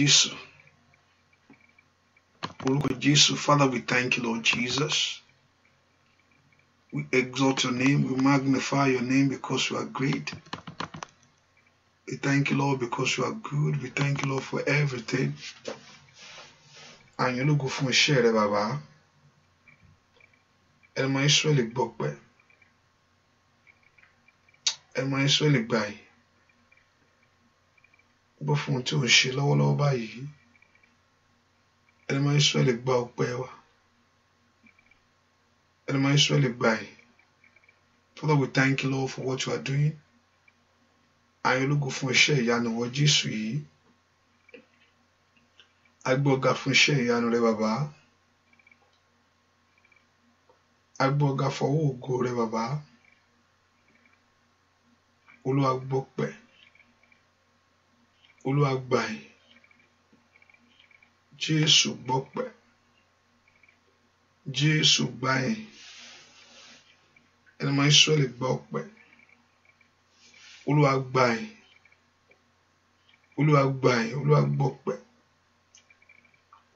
Jesus. Lord Jesus, Father, we thank you, Lord Jesus. We exalt your name, we magnify your name because you are great. We thank you, Lord, because you are good. We thank you, Lord, for everything. Àyìn ológo fún iṣẹ́ rẹ bàbá. Ẹ̀rọ Ísírẹ́lì gbọ́pẹ́. Ẹ̀rọ Ísírẹ́lì gbàyìn. gbọ́ fún ohun tí ò ń ṣe lọ́wọ́lọ́wọ́ báyìí ẹnìmọ́ Ísírẹ́lì gba ọpẹ́ wa ẹnìmọ́ Ísírẹ́lì gba yìí Father we thank you Lord for what you are doing àyìn ológo fún iṣẹ́ ìyanu wọ Jésù yìí agbọ́ga fún iṣẹ́ ìyanu rẹ bàbá agbọ́ga fọwọ́ ògo rẹ bàbá olúwa gbọ́pẹ́ olúwa gbà yìí jésù gbọpẹ́ jésù gbà yìí ẹni mọ israẹli gbọpẹ́ olúwa gbà yìí olúwa gbà yìí olúwa gbọpẹ́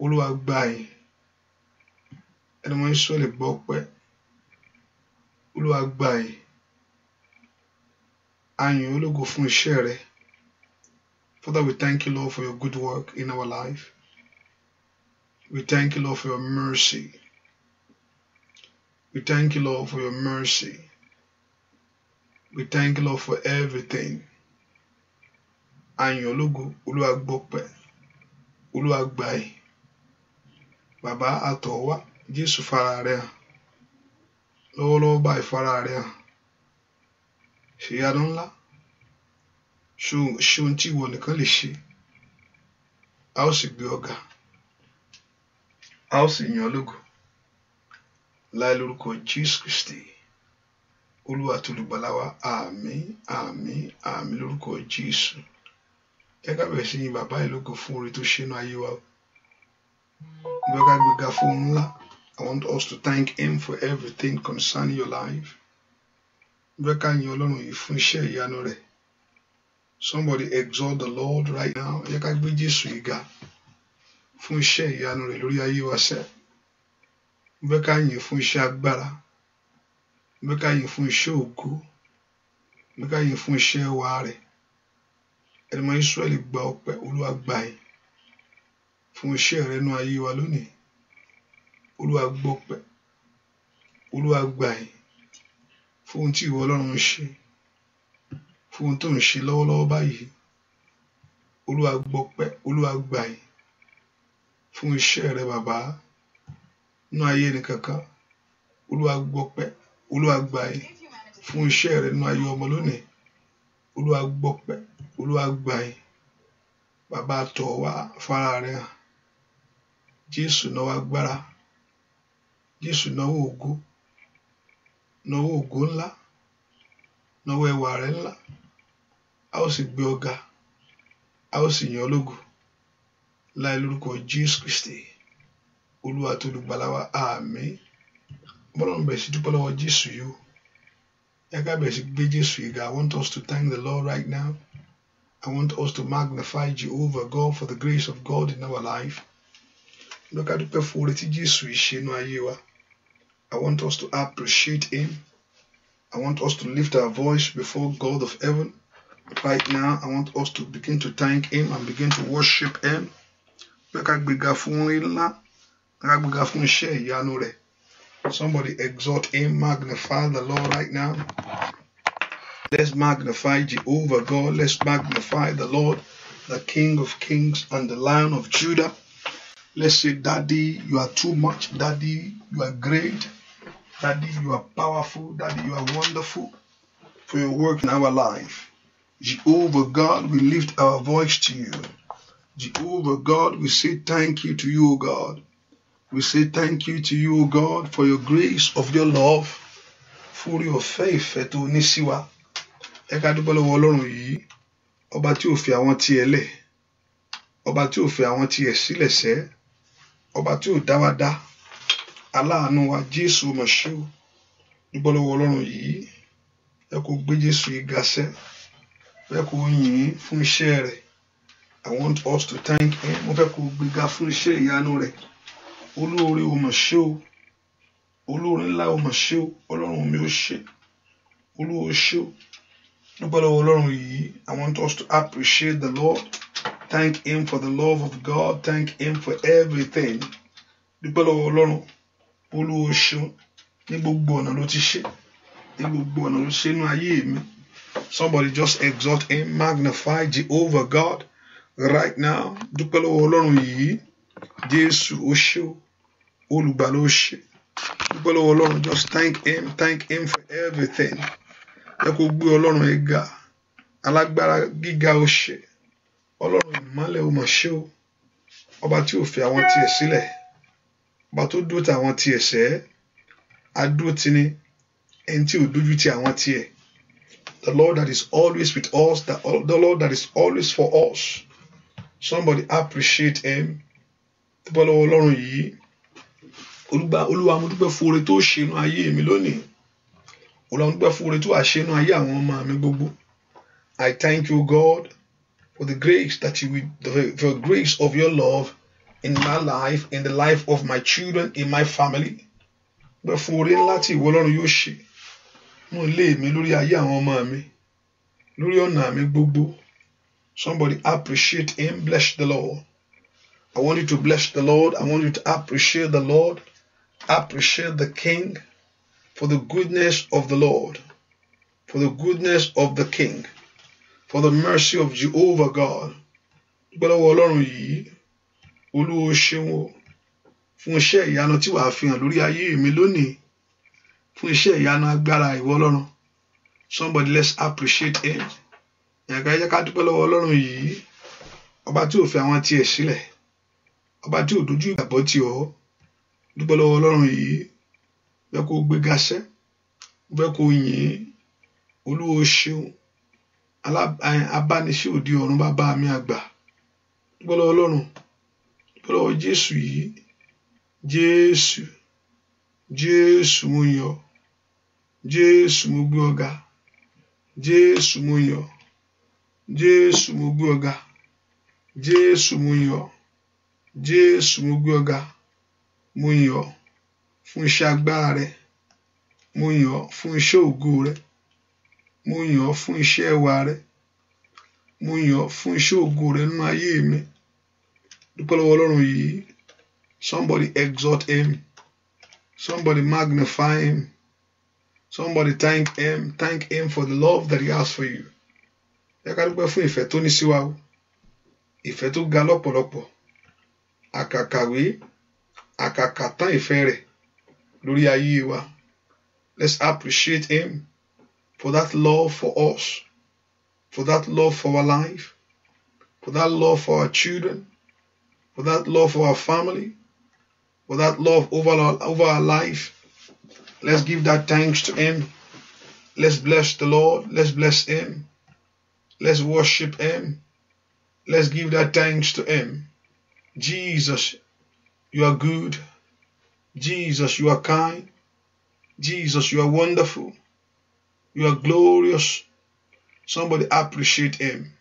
olúwa gbà yìí ẹni mọ israẹli olúwa gbà yìí a ológo fún iṣẹ́ rẹ̀. Father, we thank you, Lord, for your good work in our life. We thank you, Lord, for your mercy. We thank you, Lord, for your mercy. We thank you, Lord, for everything. your logo olúwagbọ́pẹ́ olúwagbàì bàbá àtọ̀wá Jesus fara rẹ̀ hàn lọ́wọ́lọ́wọ́ báyìí fara rẹ̀ ṣe tí ìwọ nìkan lè ṣe a ó sì gbé ọ̀gá a ó sì yan lógo láì lórúkọ Jésù Kristi olúwa àti olùgbàlà wa àmín àmín àmín lórúkọ Jésù ẹ ká bẹ̀rẹ̀ sí yìn bàbá ìlógo fún oore tó ṣe inú ayé wa ìwé ká gbéga fún ńlá I want us to thank him for everything concerning your life ìwé ká yin Ọlọ́run yìí fún iṣẹ́ ìyanu rẹ̀. Somebody exalt the Lord right now. Ẹ jẹ́ ká gbé Jésù ìga fún iṣẹ́ ìyanu rẹ̀ lórí ayé wa sẹ́. Mo fẹ́ ká yìn fún iṣẹ́ agbára. Mo fẹ́ ká yìn fún iṣẹ́ ògo. Mo ká yìn fún iṣẹ́ wa rẹ̀. Ẹni mọ gba ọpẹ́ Olúwa gbà fún iṣẹ́ rẹ̀ nú ayé wa lónìí. Olúwa gbọ́pẹ́. Olúwa fún ohun ìwọ Ọlọ́run ṣe fún ohun tó ń ṣe lọ́wọ́lọ́wọ́ báyìí olúwa gbọpẹ́ olúwa gbà yìí fún iṣẹ́ rẹ bàbá nínú ayé nìkankan olúwa gbọpẹ́ olúwa gbà fún iṣẹ́ rẹ nínú ayé ọmọ lónìí olúwa gbọpẹ́ olúwa gbà bàbá tọ̀ wá fara rẹ hàn jésù náwó agbára jésù náwó ògo náwó ògo ńlá náwó ẹwà rẹ ńlá. a ó sì gbé ọ ga a ó sì yan ológo láì lórúkọ Jésù Kristi olúwa tó olùgbàlà wa àmín bọ́lọ́run bẹ̀rẹ̀ sí dúpẹ́ lọ́wọ́ Jésù yìí o ẹ ká bẹ̀rẹ̀ sí gbé Jésù yìí ga I want us to thank the Lord right now I want us to magnify Jehovah God for the grace of God in our life lọ́ka dúpẹ́ fún oore tí Jésù yìí ṣe inú ayé wa I want us to appreciate him I want us to lift our voice before God of heaven. Right now, I want us to begin to thank Him and begin to worship Him. Somebody exhort Him, magnify the Lord right now. Let's magnify Jehovah God. Let's magnify the Lord, the King of Kings and the Lion of Judah. Let's say, Daddy, you are too much. Daddy, you are great. Daddy, you are powerful. Daddy, you are wonderful for your work in our life. Jehovah God, we lift our voice to you. Jehovah God, we say thank you to you, o God. We say thank you to you, o God, for your grace of your love, for your faith ẹ̀tọ́ oníṣíwá. Ẹ ká dúpẹ́ lọ́wọ́ Ọlọ́run yìí, ọba tí ò fi àwọn tiẹ̀ lẹ̀, ọba tí ò fi àwọn tiẹ̀ sílẹ̀ sẹ́, ọba tí ò dá wa dá, aláàánú wa Jésù mọ̀ṣú. Dúpẹ́ lọ́wọ́ Ọlọ́run yìí, ẹ gbé Jésù yìí ga sẹ́ fẹ́ kó yìn ín fún iṣẹ́ rẹ̀ i want us to thank him mo fẹ́ kó gbéga fún iṣẹ́ ìyanu rẹ̀ olóore o mà ṣe o olóore ńlá o mà ṣe o ọlọ́run mi ò ṣe olúwo ṣe o lọ́pọ̀lọpọ̀ ọlọ́run yìí i want us to appreciate the lord thank him for the love of god thank him for everything lọ́pọ̀lọpọ̀ ọlọ́run olúwo ṣeun ní gbogbo ọ̀nà ló ti ṣe ní gbogbo ọ̀nà ló ṣe nínú ayé mi. Somebody just exalt him, magnify Jehovah God right now. Dúpẹ́ lọ́wọ́ Ọlọ́run yìí, Jésù ó ṣe o, lọ́wọ́ Ọlọ́run just thank him, thank him for everything. Ẹ kò gbé Ọlọ́run ẹ ga, alágbára gíga ó ṣe. Ọlọ́run ìmọ́lẹ̀ ó mọ̀ ṣe o. Ọba tí ò fi àwọn tiẹ̀ sílẹ̀, ọba tó dúró ti àwọn tiẹ̀ sẹ́, adúró ti ni, ẹni tí ò dójú ti àwọn tiẹ̀ the Lord that is always with us, the, uh, the Lord that is always for us. Somebody appreciate him. Dúpẹ́ lọ́wọ́ Ọlọ́run yìí. Olúwa Olúwa mo dúpẹ́ fún oore tó ṣe inú ayé mi lónìí. Olúwa mo dúpẹ́ fún oore tó àṣẹ inú ayé àwọn ọmọ mi gbogbo. I thank you God for the grace that you will, for the grace of your love in my life, in the life of my children, in my family. Dúpẹ́ fún oore ńlá tí ìwọ Ọlọ́run yóò ṣe. nínú ilé mi lórí ayé àwọn ọmọ mi lórí ọ̀nà mi gbogbo somebody appreciate him bless the Lord I want you to bless the Lord I want you to appreciate the Lord appreciate the King for the goodness of the Lord for the goodness of the King for the mercy of Jehovah God dúpẹ́ lọ́wọ́ Ọlọ́run yìí Olúwa ṣeun o fún iṣẹ́ ìyanu tí wàá fi hàn lórí ayé mi lónìí. fún iṣẹ́ ìyanu agbára ìwọ ọlọ́run somebody let's appreciate him ẹ̀ka ẹ̀jẹ̀ ká dúpẹ́ lọ́wọ́ ọlọ́run yìí ọba tí ò fi àwọn tiẹ̀ sílẹ̀ ọba tí ò dojú ìgbàgbọ́ ti ọ́ dúpẹ́ lọ́wọ́ ọlọ́run yìí fẹ́ kó gbéga sẹ́ fẹ́ kó yìn olúwo ṣeun abániṣe òdi ọ̀run bàbá mi àgbà dúpẹ́ lọ́wọ́ ọlọ́run dúpẹ́ lọ́wọ́ jésù yìí jésù jésù mo yàn jésù mo gbé ọ̀gá jésù mo yọ̀ jésù mo gbé ọ̀gá jésù mo yọ̀ jésù mo gbé ọ̀gá mo yọ̀ fún iṣẹ́ agbára rẹ mo yọ̀ fún iṣẹ́ ògo rẹ mo yọ̀ fún iṣẹ́ ẹwà rẹ mo yọ̀ fún iṣẹ́ ògo rẹ nínú ayé mi dúpẹ́ lọ́wọ́ ọlọ́run yìí somebody exalt him somebody magnify him somebody thank him thank him for the love that he has for you ẹ ká dúpẹ́ fún ìfẹ́ tó ní sí wa o ìfẹ́ tó ga lọ́pọ̀lọpọ̀ àkàkàwé àkàkà ìfẹ́ rẹ̀ lórí ayé wa let's appreciate him for that love for us for that love for our life for that love for our children for that love for our family for that love over our, over our life. Let's give that thanks to Him. Let's bless the Lord. Let's bless Him. Let's worship Him. Let's give that thanks to Him. Jesus, you are good. Jesus, you are kind. Jesus, you are wonderful. You are glorious. Somebody appreciate Him.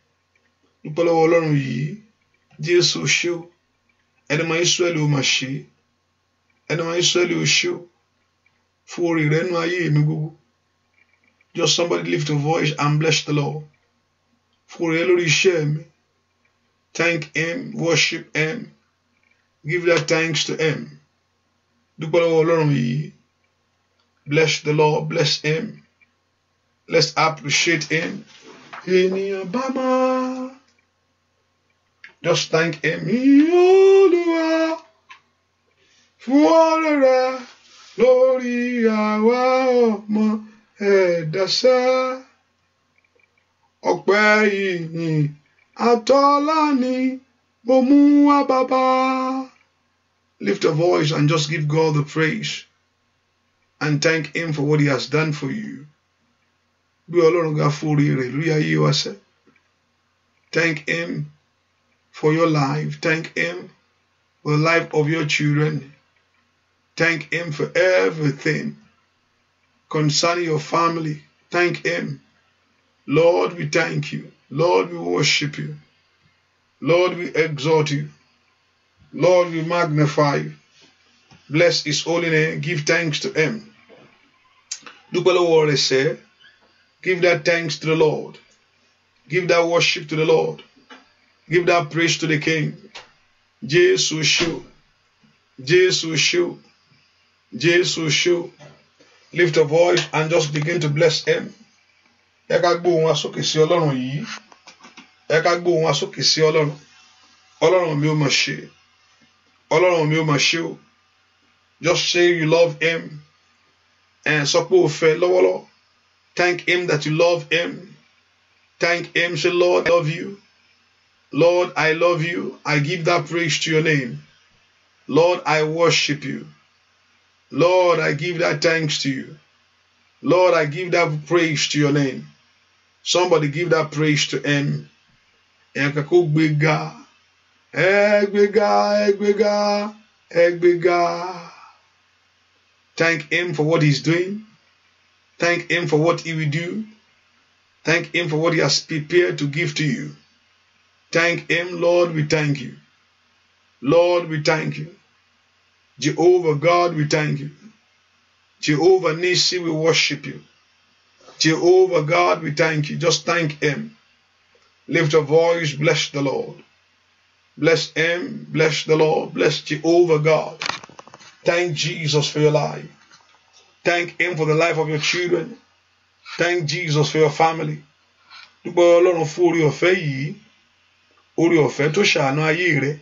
For orí rẹ nú ayé mi gbogbo just somebody lift a voice and bless the Lord For orí rẹ lórí iṣẹ́ mi thank him worship him give that thanks to him Do lọ́wọ́ ọlọ́run yìí bless the Lord bless him let's appreciate him ènìyàn bá máa just thank him yìí for fún ọrẹ rẹ lórí àwa ọmọ ẹ̀dá ṣá. ọpẹ́ ìyìn ni mo mú wá bàbá. Lift your voice and just give God the praise and thank Him for what He has done for you. Bí Ọlọ́run ga fúri rẹ̀ lórí ayé wa sẹ́. Thank Him for your life. Thank Him for the life of your children. Thank Him for everything concerning your family. Thank Him. Lord, we thank you. Lord, we worship you. Lord, we exalt you. Lord, we magnify you. Bless His holy name. Give thanks to Him. Dúpẹ́ lọ́wọ́ rẹ̀ Give that thanks to the Lord. Give that worship to the Lord. Give that praise to the King. Jesus, You, Jesus, You." Jesus, ṣó lift a voice and just begin to bless him ẹ ká gbó wọn sókè sí ọlọ́run yìí ẹ ká gbó wọn sókè sí ọlọ́run ọlọ́run mi ò mà ṣe ọlọ́run mi ò mà ṣe o just say you love him and sọ pé o fẹ́ lọ́wọ́lọ́wọ́ thank him that you love him thank him say lord i love you lord i love you i give that praise to your name lord i worship you. Lord, I give that thanks to you. Lord, I give that praise to your name. Somebody give that praise to him. Ẹ̀kẹ́kọ̀ ẹ̀gbéga, ẹ̀gbéga, ẹ̀gbéga. Thank him for what he's doing. Thank him for what he will do. Thank him for what he has prepared to give to you. Thank him, Lord, we thank you. Lord, we thank you. Jehovah God, we thank you. Jehovah Nisi, we worship you. Jehovah God, we thank you. Just thank Him. Lift your voice, bless the Lord. Bless Him, bless the Lord, bless Jehovah God. Thank Jesus for your life. Thank Him for the life of your children. Thank Jesus for your family. Dúpẹ́ Ọlọ́run fún orí ọ̀fẹ́ yìí, orí ọ̀fẹ́ tó ṣàánú ayé rẹ̀,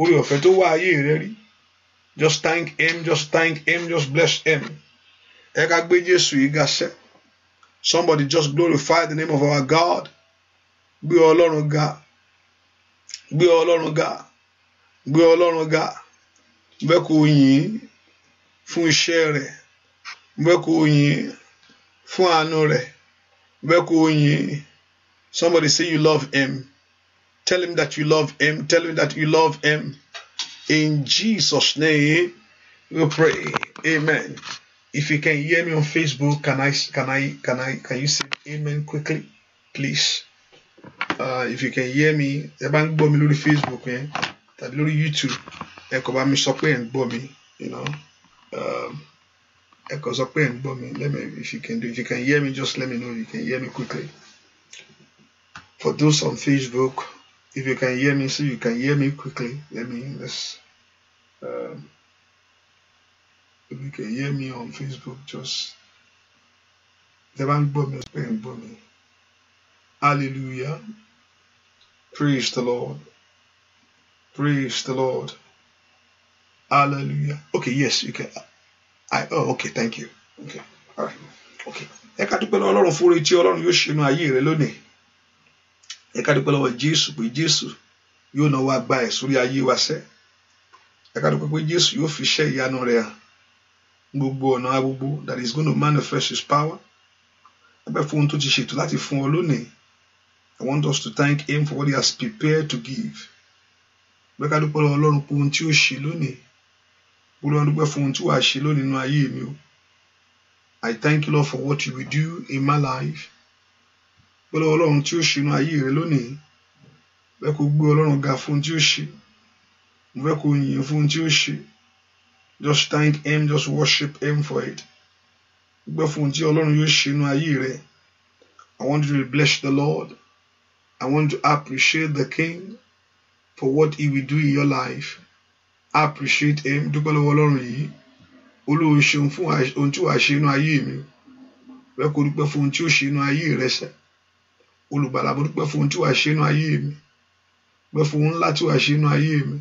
orí ọ̀fẹ́ tó wá ayé rẹ̀ rí. Just thank Him, just thank Him, just bless Him. Ẹ ká gbé Jésù yìí ga sẹ́. Somebody just glorify the name of our God. Gbé Ọlọ́run ga. Gbé Ọlọ́run ga. Gbé Ọlọ́run ga. Bẹ́ẹ̀ kò yìn fún iṣẹ́ rẹ̀. Bẹ́ẹ̀ kò yìn fún àánú rẹ̀. Bẹ́ẹ̀ kò yìn. Somebody say you love Him. Tell Him that you love Him. Tell Him that you love Him. In Jesus' name, we pray. Amen. If you can hear me on Facebook, can I can I can I can you say amen quickly, please? Uh, if you can hear me, the bank ń gbọ́ mi Facebook eh? That lórí YouTube, ẹ kò bá mi sọ pé ẹ ń you know. Um, ẹ kò sọ pé ẹ Let me if you can do if you can hear me, just let me know if you can hear me quickly. For those on Facebook, if you can hear me, so you can hear me quickly. Let me let's Um, if you can hear me on Facebook, just tẹ́ bá ń gbọ́ mi pé ń gbọ́ Hallelujah. Praise the Lord. Praise the Lord. Hallelujah. Okay, yes, you can. I, oh, okay, thank you. Okay, all right. Okay. Ẹ ká dúpẹ́ lọ́wọ́ Ọlọ́run fún oore tí Ọlọ́run yóò ṣe inú ayé rẹ lónìí. Ẹ ká dúpẹ́ lọ́wọ́ Jésù pé Jésù yóò náwó agbára ẹ̀ sórí ayé wa sẹ́ẹ̀ ẹ ká pé Jésù yóò fi iṣẹ́ ìyanu rẹ̀ gbogbo ọ̀nà agbogbo that is going to manifest his power ẹgbẹ́ fún ohun tó ti ṣètò láti fún ọ lónìí I want us to thank him for what he has prepared to give ẹ ká dúpẹ́ lọ́wọ́ Ọlọ́run pé ohun tí ó ṣe lónìí Olúwa dúpẹ́ fún ohun tí wàá ṣe lónìí nínú ayé mi o I thank you Lord for what you will do in my life pẹ̀lú Ọlọ́run tí ó ṣe inú ayé rẹ lónìí ẹ kò gbé Ọlọ́run ga fún ohun tí ó ṣe mo fẹ́ just thank him just worship him for it gbẹ́ fún tí ọlọ́run yóò ṣe inú ayé rẹ I want you to bless the Lord I want to appreciate the King for what he will do in your life I appreciate him dúpẹ́ lọ́wọ́ ọlọ́run yìí olóò ṣeun fún ohun tí wàá ṣe inú ayé mi fẹ́ kó dúpẹ́ fún ohun tí ó ṣe inú ayé rẹ dúpẹ́ fún ohun tí wàá ṣe inú ayé mi dúpẹ́ fún ohun ńlá tí wàá ṣe inú ayé mi.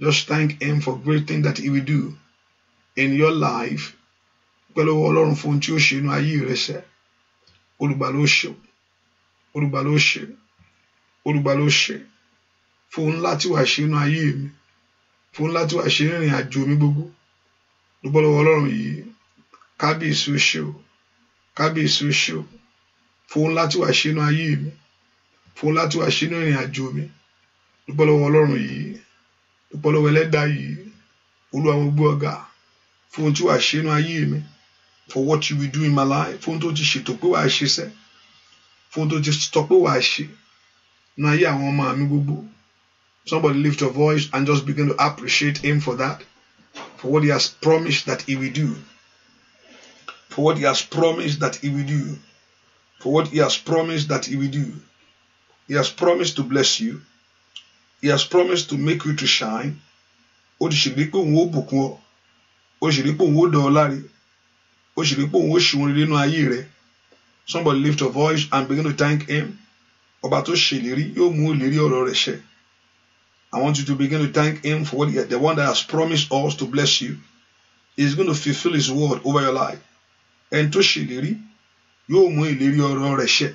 Just thank Him for great things that He will do in your life. Pẹ̀lú Ọlọ́run fún ohun tí ó ṣe inú ayé rẹ sẹ́. Olùgbà ló ṣe. Olùgbà ló ṣe. Olùgbà ló ṣe. Fún ohun ńlá tí wàá ṣe inú ayé mi. Fún ohun ńlá tí wàá ṣe ìrìn àjò mi gbogbo. Dúpẹ́ lọ́wọ́ Ọlọ́run yìí. Kábíyèsí ó ṣe o. Kábíyèsí ó ṣe o. Fún ohun ńlá tí ṣe inú ayé mi. Fún ohun ńlá tí ṣe ìrìn àjò mi. Dúpẹ́ lọ́wọ́ Ọlọ́run yìí. dúpẹ́ lọ́wọ́ ẹlẹ́dàá yìí olúwa mo gbé ọ̀gá fún ohun tí wàá ṣe inú ayé mi for what you will do in my life fún ohun tó ti ṣètò pé wàá ṣe sẹ́ fún ohun tó ti sọ pé wàá ṣe inú ayé àwọn ọmọ mi gbogbo somebody lift your voice and just begin to appreciate him for that for what he has promised that he will do for what he has promised that he will do for what he has promised that he will do he has promised to bless you. he has promised to make you to shine ó ti ṣèlérí pé òun ó bùkún ọ ó ṣèlérí pé òun ó dán ọ láre ó ṣèlérí pé òun ó ṣe orin nínú ayé rẹ somebody lift your voice and begin to thank him ọba tó ṣèlérí yóò mú ìlérí ọ̀rọ̀ rẹ̀ ṣẹ I want you to begin to thank him for what he, the one that has promised us to bless you he is going to fulfil his word over your life ẹni tó ṣèlérí yóò mú ìlérí ọ̀rọ̀ rẹ̀ ṣẹ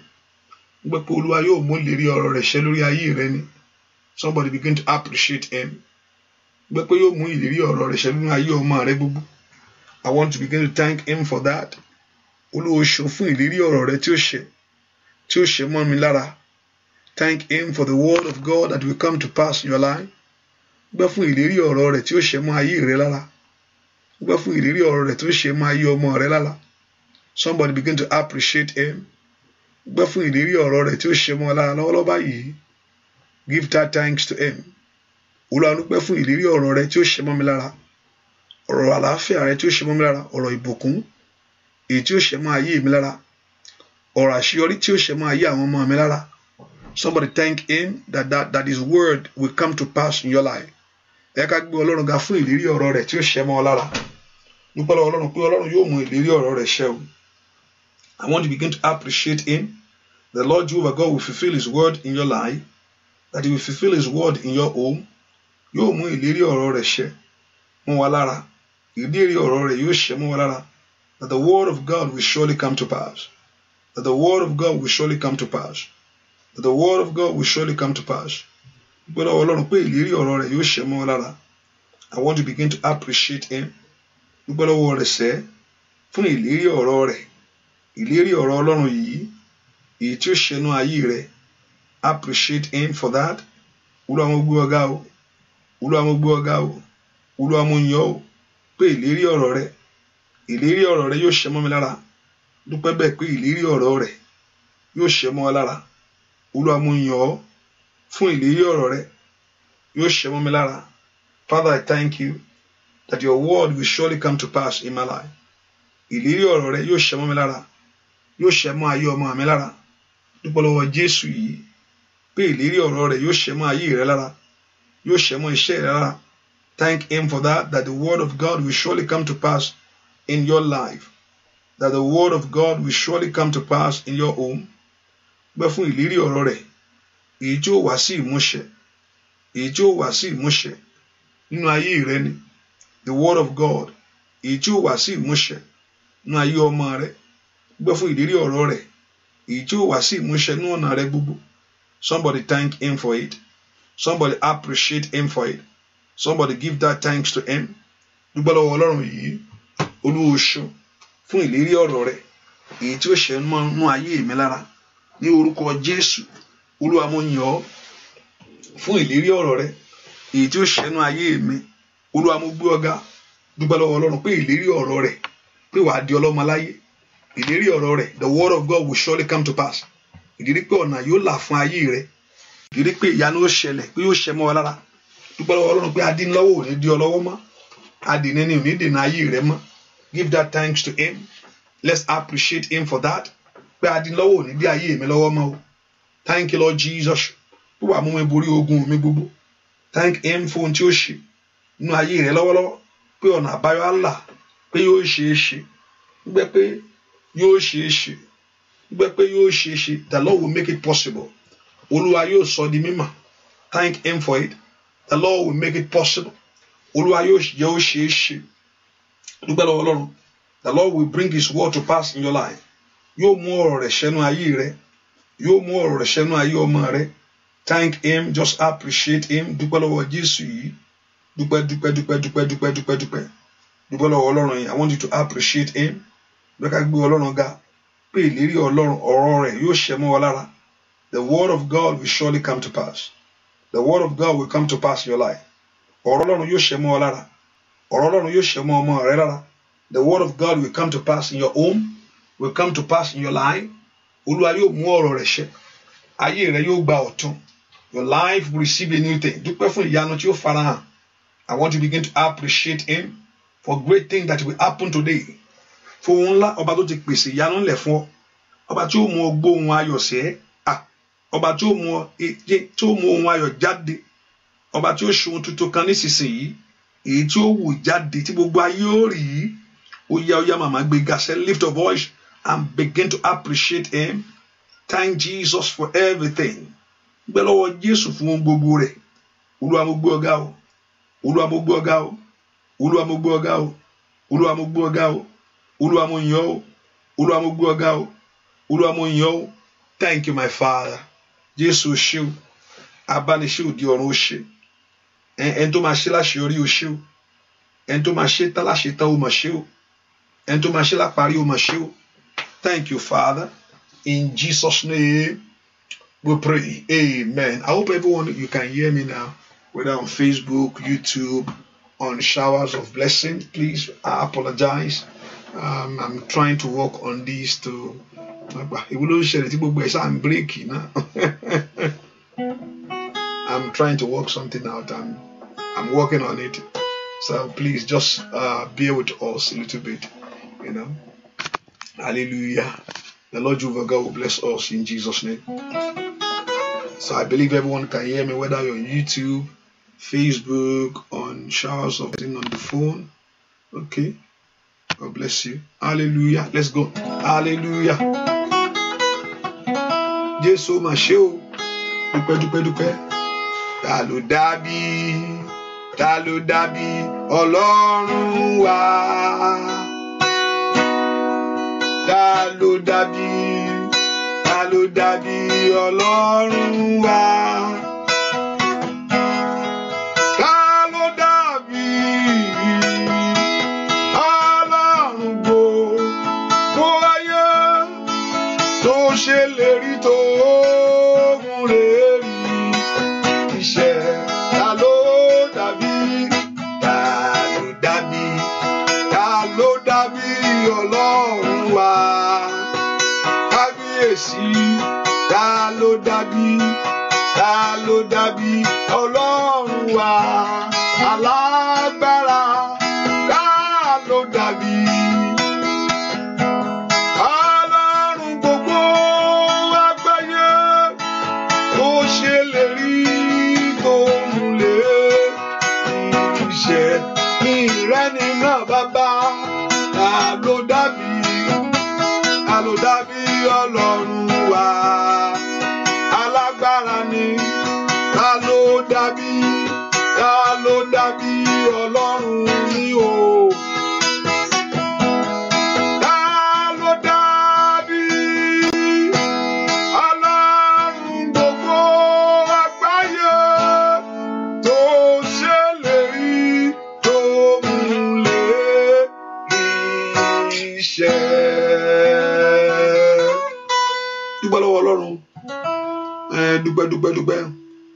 gbẹ pé olúwa yóò mú ìlérí ọ̀rọ̀ rẹ̀ ṣẹ lórí ayé rẹ ni somebody begin to appreciate him gbé pé yóò mú ìlérí ọ̀rọ̀ rẹ̀ ṣẹ nínú ayé ọmọ rẹ gbogbo I want to begin to thank him for that olúwo fún ìlérí ọ̀rọ̀ rẹ tí ó ṣe tí ó ṣe mọ́ mi lára thank him for the word of God that will come to pass in your life gbẹ́ fún ìlérí ọ̀rọ̀ rẹ tí ó ṣe mọ́ ayé rẹ lára gbẹ́ fún ìlérí ọ̀rọ̀ rẹ tí ó ṣe mọ́ ayé ọmọ rẹ lára somebody begin to appreciate him gbẹ́ fún ìlérí ọ̀rọ̀ rẹ tí ó ṣe mọ́ lára lọ́wọ́lọ́wọ́ báyìí give that thanks to him olúwa dúpẹ́ fun ìlérí ọ̀rọ̀ rẹ tí ó ṣe mọ́ mi lára ọ̀rọ̀ àlàáfíà rẹ tí ó ṣe mọ́ mi lára ọ̀rọ̀ ìbùkún èyí ṣe mọ́ ayé mi lára ọ̀rọ̀ àṣeyọrí tí ó ṣe mọ́ ayé àwọn ọmọ mi lára somebody thank him that that that his word will come to pass in your life ẹ ká gbé ọlọ́run ga fún ìlérí ọ̀rọ̀ rẹ tí ó ṣe mọ́ ọ lára dúpẹ́ pé ọlọ́run yóò mú ìlérí ọ̀rọ̀ rẹ ṣẹ o I want to begin to appreciate him the Lord Jehovah God will fulfil his word in your life that He will fulfill his word in your home yóò mú ìlérí ọ̀rọ̀ rẹ̀ ṣẹ mọ́ wa lára ìlérí ọ̀rọ̀ rẹ̀ yóò ṣẹ mọ́ wa lára that the word of God will surely come to pass that the word of God will surely come to pass that the word of God will surely come to pass gbọ́dọ̀ ọlọ́run pé ìlérí ọ̀rọ̀ rẹ̀ yóò ṣẹ mọ́ wa lára I want to begin to appreciate him gbọ́dọ̀ wọ rẹ̀ sẹ́ fún ìlérí ọ̀rọ̀ rẹ̀ ìlérí ọ̀rọ̀ ọlọ́run yìí èyí tí ó ṣẹnu ayé rẹ̀ appreciate him for that olúwa mo gbé ọgá o olúwa mo gbé ọgá o olúwa mo yàn o pé ìlérí ọ̀rọ̀ rẹ ìlérí ọ̀rọ̀ rẹ yóò ṣẹ mọ́ mi lára dúpẹ́ bẹ́ẹ̀ pé ìlérí ọ̀rọ̀ rẹ yóò ṣẹ mọ́ ọ lára olúwa mo yàn ọ́ fún ìlérí ọ̀rọ̀ rẹ yóò ṣẹ mọ́ mi lára Father, I thank you that your word will surely come to pass in my life ìlérí ọ̀rọ̀ rẹ yóò ṣẹ mọ́ mi lára yóò ṣẹ mọ́ ayé ọmọ mi lára dúpẹ́ lọ́wọ́ Jésù yìí pé ìlérí ọ̀rọ̀ rẹ̀ yóò ṣẹ mọ́ ayé rẹ lára yóò ṣẹ mọ́ iṣẹ́ rẹ lára thank him for that that the word of God will surely come to pass in your life that the word of God will surely come to pass in your home gbẹ fún ìlérí ọ̀rọ̀ rẹ̀ èyí tí ó wá sí ìmúṣẹ èyí tí ó wá sí ìmúṣẹ nínú ayé rẹ ni the word of God èyí tí ó wá sí ìmúṣẹ nínú ayé ọmọ rẹ gbẹ fún ìlérí ọ̀rọ̀ rẹ̀ èyí tí ó wá sí ìmúṣẹ nínú ọ̀nà rẹ gbogbo Somebody thank Him for it. Somebody appreciate Him for it. Somebody give that thanks to Him. Dúpẹ́ lọ́wọ́ Ọlọ́run yìí, Olúwa ṣeun fún ìlérí ọ̀rọ̀ rẹ̀ èyí tí ó ṣe ń mọ́nú ayé mi lára ní orúkọ Jésù Olúwa mo yìn ọ́ fún ìlérí ọ̀rọ̀ rẹ̀ èyí tí ó ṣe ń ayé mi Olúwa mo gbé ọ̀gá dúpẹ́ lọ́wọ́ Ọlọ́run pé ìlérí ọ̀rọ̀ rẹ̀ pé wàá di ọlọ́mọ láyé ìlérí ọ̀rọ̀ rẹ̀ the word of God will surely come to pass ìdírí pé ọ̀nà yóò là fún ayé rẹ ìdírí pé ìyanu ó ṣẹlẹ̀ pé yóò ṣẹ mọ́ ọ lára dúpẹ́ lọ́wọ́ ọlọ́run pé adínlọ́wọ́ ò ní di ọ lọ́wọ́ mọ́ adìnẹ́ni ò ní dènà ayé rẹ mọ́ give that thanks to him let's appreciate him for that pé adínlọ́wọ́ ò ní dé ayé mi lọ́wọ́ mọ́ o thank you lord jesus tó wà mú mi borí ogun mi gbogbo thank him for ohun tí ó ṣe nínú ayé rẹ lọ́wọ́lọ́wọ́ pé ọ̀nà àbáyọ á là pé yóò ṣeé ṣe gbẹ pé yóò ṣeé ṣe gbẹ pé yóò ṣeé ṣe the Lord will make it possible olúwa yóò sọ di mímọ̀ thank him for it the Lord will make it possible olúwa yóò jẹ́ ó ṣeé ṣe dúpẹ́ lọ́wọ́ ọlọ́run the Lord will bring his word to pass in your life yóò mú ọ̀rọ̀ rẹ̀ ṣẹ́nu ayé rẹ yóò mú ọ̀rọ̀ rẹ̀ ṣẹ́nu ayé ọmọ rẹ thank him just appreciate him dúpẹ́ lọ́wọ́ jésù yìí dúpẹ́ dúpẹ́ dúpẹ́ dúpẹ́ dúpẹ́ dúpẹ́ dúpẹ́ dúpẹ́ lọ́wọ́ ọlọ́run yìí i want you to appreciate him lọ́ka gbé ọlọ́run ga pé ìlérí ọlọ́run ọ̀rọ̀ rẹ̀ yóò ṣẹ mọ́ wa lára the word of God will surely come to pass the word of God will come to pass in your life ọ̀rọ̀ ọlọ́run yóò ṣẹ mọ́ wa lára ọ̀rọ̀ ọlọ́run yóò ṣẹ mọ́ ọmọ rẹ lára the word of God will come to pass in your home will come to pass in your life olúwa yóò mú ọ̀rọ̀ rẹ̀ ṣẹ ayé rẹ yóò gba ọ̀tun your life will receive a new thing dúpẹ́ fún ìyanu tí ó farahàn I want to begin to appreciate him for great things that will happen today fohùn ńlá ọba tó ti pèsè ìyanu ńlẹ̀ fún ọ ọba tí ó mú ọ gbóhùn ayọ̀ sí ẹ ọba tí ó mú ọ èyí e, e, tí ó mú ohun ayọ̀ jáde ọba tí ó ṣohun tuntun kan nísinsìnyí èyí tí ó wù jáde tí gbogbo ayé ó rí i ó yá ó yá màmá gbéga sẹ lift your voice and begin to appreciate him thank Jesus for everything gbẹ́ lọ́wọ́ Jésù fún ohun gbogbo rẹ̀ Olúwa mo gbé ọ̀gá o Olúwa mo gbé ọ̀gá o Olúwa mo gbé ọ̀gá o Olúwa mo gbé ọ̀gá o olúwa mo yàn ọ́ mo gbé o olúwa mo yàn thank you my father jésù o ṣé o abániṣe òdi ọ̀run o ṣé ẹni tó máa ṣe láṣeyọrí o ṣé Ento ẹni tó máa ṣe tán láṣetán o mà ṣé o ẹni tó máa ṣe o mà ṣé thank you father in jesus name we pray amen i hope everyone you can hear me now whether on facebook youtube on showers of blessing please i apologize. um, I'm trying to work on this to He will share ṣẹlẹ̀ tí gbogbo ẹ̀ sáà náà I'm trying to work something out I'm, I'm working on it so please just uh, bear with us a little bit you know hallelujah the Lord Jehovah God will bless us in Jesus name so I believe everyone can hear me whether you're on YouTube Facebook on showers of on the phone okay. God bless you. Hallelujah. Let's go. Hallelujah. Jésù mà ṣe o. Dúpẹ́ dúpẹ́ dúpẹ́. Ta ló dàbí? Ta ló dàbí? Ọlọ́run wa. Ta ló dàbí? Ta ló dàbí? Ọlọ́run wa.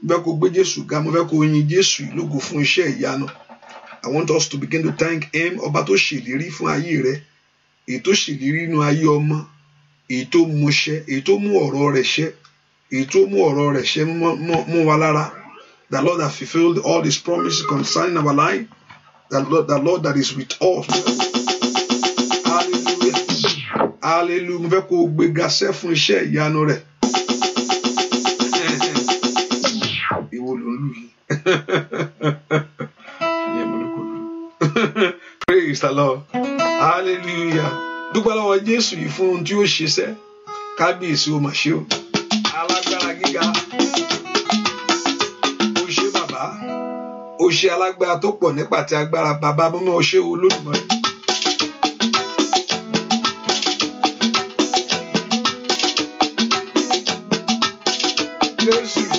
fẹ́ kó gbé jésù ga mo fẹ́ kó yin jésù lógo fún iṣẹ́ ìyanu i want us to begin to thank him ọba tó ṣèlérí fún ayé rẹ èyí tó ṣèlérí nínú ayé ọmọ èyí tó mu ṣẹ èyí tó mú ọ̀rọ̀ rẹ̀ ṣẹ èyí tó mú ọ̀rọ̀ rẹ̀ ṣẹ mú wa lára the lord has fulfilled all his promises concerning our life the lord, the lord that is with us hallelujah hallelujah mo fẹ́ kó gbéga sẹ́ fún iṣẹ́ ìyanu rẹ̀. praise the lord hallelujah dúpẹ́ lọ́wọ́ jésù yìí fún ohun tí ó ṣiṣẹ́ kábíyèsí o mà ṣe o alágbára gíga o ṣe bàbá o ṣe alágbára tó pọ̀ nípa ti agbára bàbá mọ́mọ́ o ṣe olódùmarè. jésù.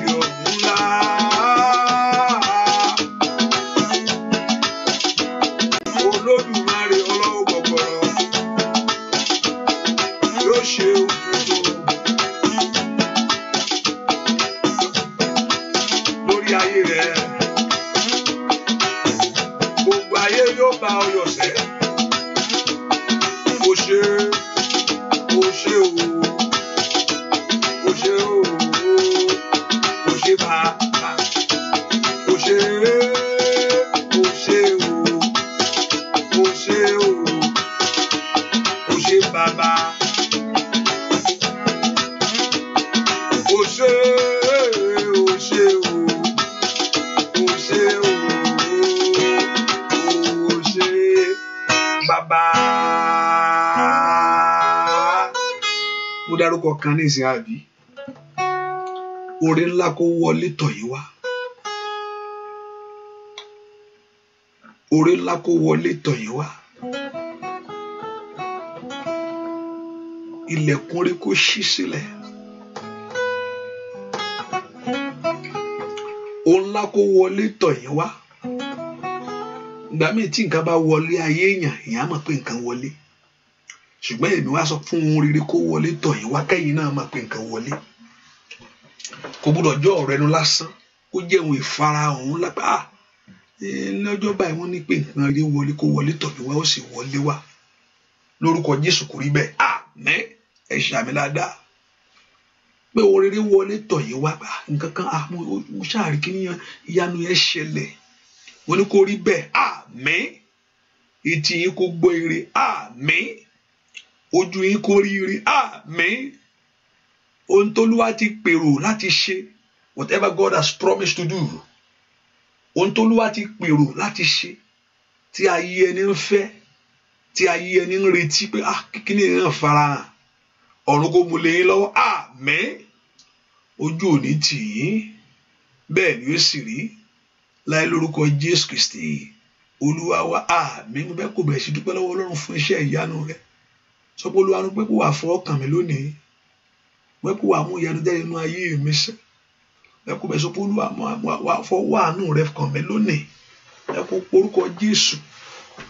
Mula nísìnyí àbí oore ńlá kó wọlé tọ̀ yín wá oore ńlá kó wọlé tọ̀ yín wá ilẹ̀kùn orí kó ṣí sílẹ̀ oore ńlá kó wọlé tọ̀ yín wá ìgbà tí nǹkan bá wọlé ayé èèyàn èèyàn á mọ̀ pé nǹkan wọlé ṣùgbọ́n èmi wá sọ fún ohun rere kó wọlé tọ̀ yín wá kẹ́yìn náà máa pe nǹkan wọlé kò gbúdọ̀ jẹ́ ọ̀rọ̀ ẹnu lásán ó jẹ́ ohun ìfarahàn lápá lọ́jọ́ ah, báyìí wọ́n ní pé nǹkan rere wọlé kó wọlé tọ̀ mí wá ó sì wọlé wá lórúkọ Jésù kò rí bẹ́ẹ̀ àmín ẹ ṣàmì ládàá pé ohun rere wọlé tọ̀ yín wá ah, nǹkan kan ah, mo ṣáàrí kí níyan ìyanu yẹn ṣẹlẹ̀ wọ́n ní kó rí bẹ́ẹ̀ àmín ìtì yín kó gbọ́ ire àmín ojú yín kó ríire àmín ohun tólúwa ti pèrò láti ṣe whatever God has promised to do ohun tólúwa ti pèrò láti ṣe tí ayé ẹni ń fẹ́ tí ayé ẹni ń retí pé ah kíkíní náà farahàn ọ̀run kò mú lẹ́yìn lọ́wọ́ àmín ojú òní tì í bẹ́ẹ̀ ni ó sì rí láì lórúkọ Jésù Kristi olúwa wa àmín mo bẹ̀ kò bẹ̀ sí dúpẹ́ lọ́wọ́ Ọlọ́run fún iṣẹ́ ìyanu rẹ̀ sọ pé olúwa nu pé kó wà fọ ọkàn mi lónìí pé kó wà mú ìyanu jáde nínú ayé mi sẹ ẹ kó bẹ sọ pé olúwa wà fọwọ́ àánú rẹ kàn mí lónìí ẹ kó orúkọ jésù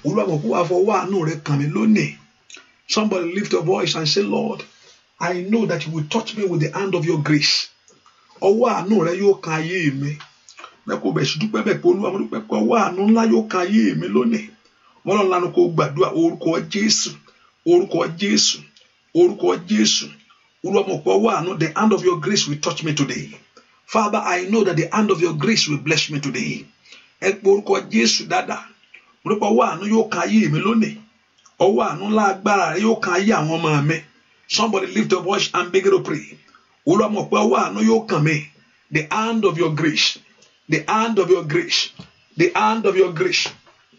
olúwa mọ̀ wà fọwọ́ àánú rẹ kàn mí lónìí somebody lift your voice and say lord i know that you will touch me with the hand of your grace ọwọ́ àánú rẹ yóò kan ayé mi mẹ́kọ̀ọ́ bẹ̀ sí dúpẹ́ bẹ̀ pé olúwa mo dúpẹ́ pé ọwọ́ àánú ńlá yóò kan ayé mi lónìí wọ́n lọ́n lanu kó gbàdúrà orúkọ jésù orúkọ jésù orúkọ jésù olùwàmọ̀pọ̀ wà nù the hand of your grace will touch me today father i know that the hand of your grace will bless me today ẹ pé orúkọ jésù dáadáa orúkọ wà nù yóò kan ayé mi lónìí ọwọ́ àánú ńlá agbára rẹ yóò kan ayé àwọn ọmọ mi somebody lift your voice and begin to pray olùwàmọ̀pọ̀ ọwọ́ àánú yóò kàn mí the hand of your grace the hand of your grace the hand of your grace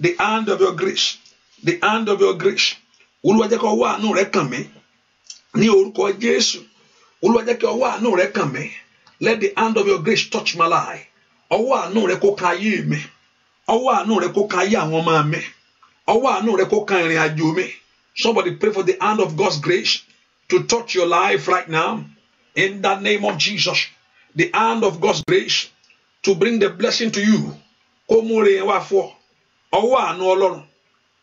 the hand of your grace the hand of your grace. olúwa jẹ́ kí ọwọ́ àánú rẹ kàn mí ní orúkọ jésù olúwa jẹ́ kí ọwọ́ àánú rẹ kàn mí let the hand of your grace touch my life ọwọ́ àánú rẹ kó kan ayé mi ọwọ́ àánú rẹ kó kan ayé àwọn ọmọ mi ọwọ́ àánú rẹ kó ìrìn àjò mi somebody pray for the hand of God's grace to touch your life right now in the name of Jesus the hand of God's grace to bring the blessing to you kó múre wá fún ọwọ́ àánú ọlọ́run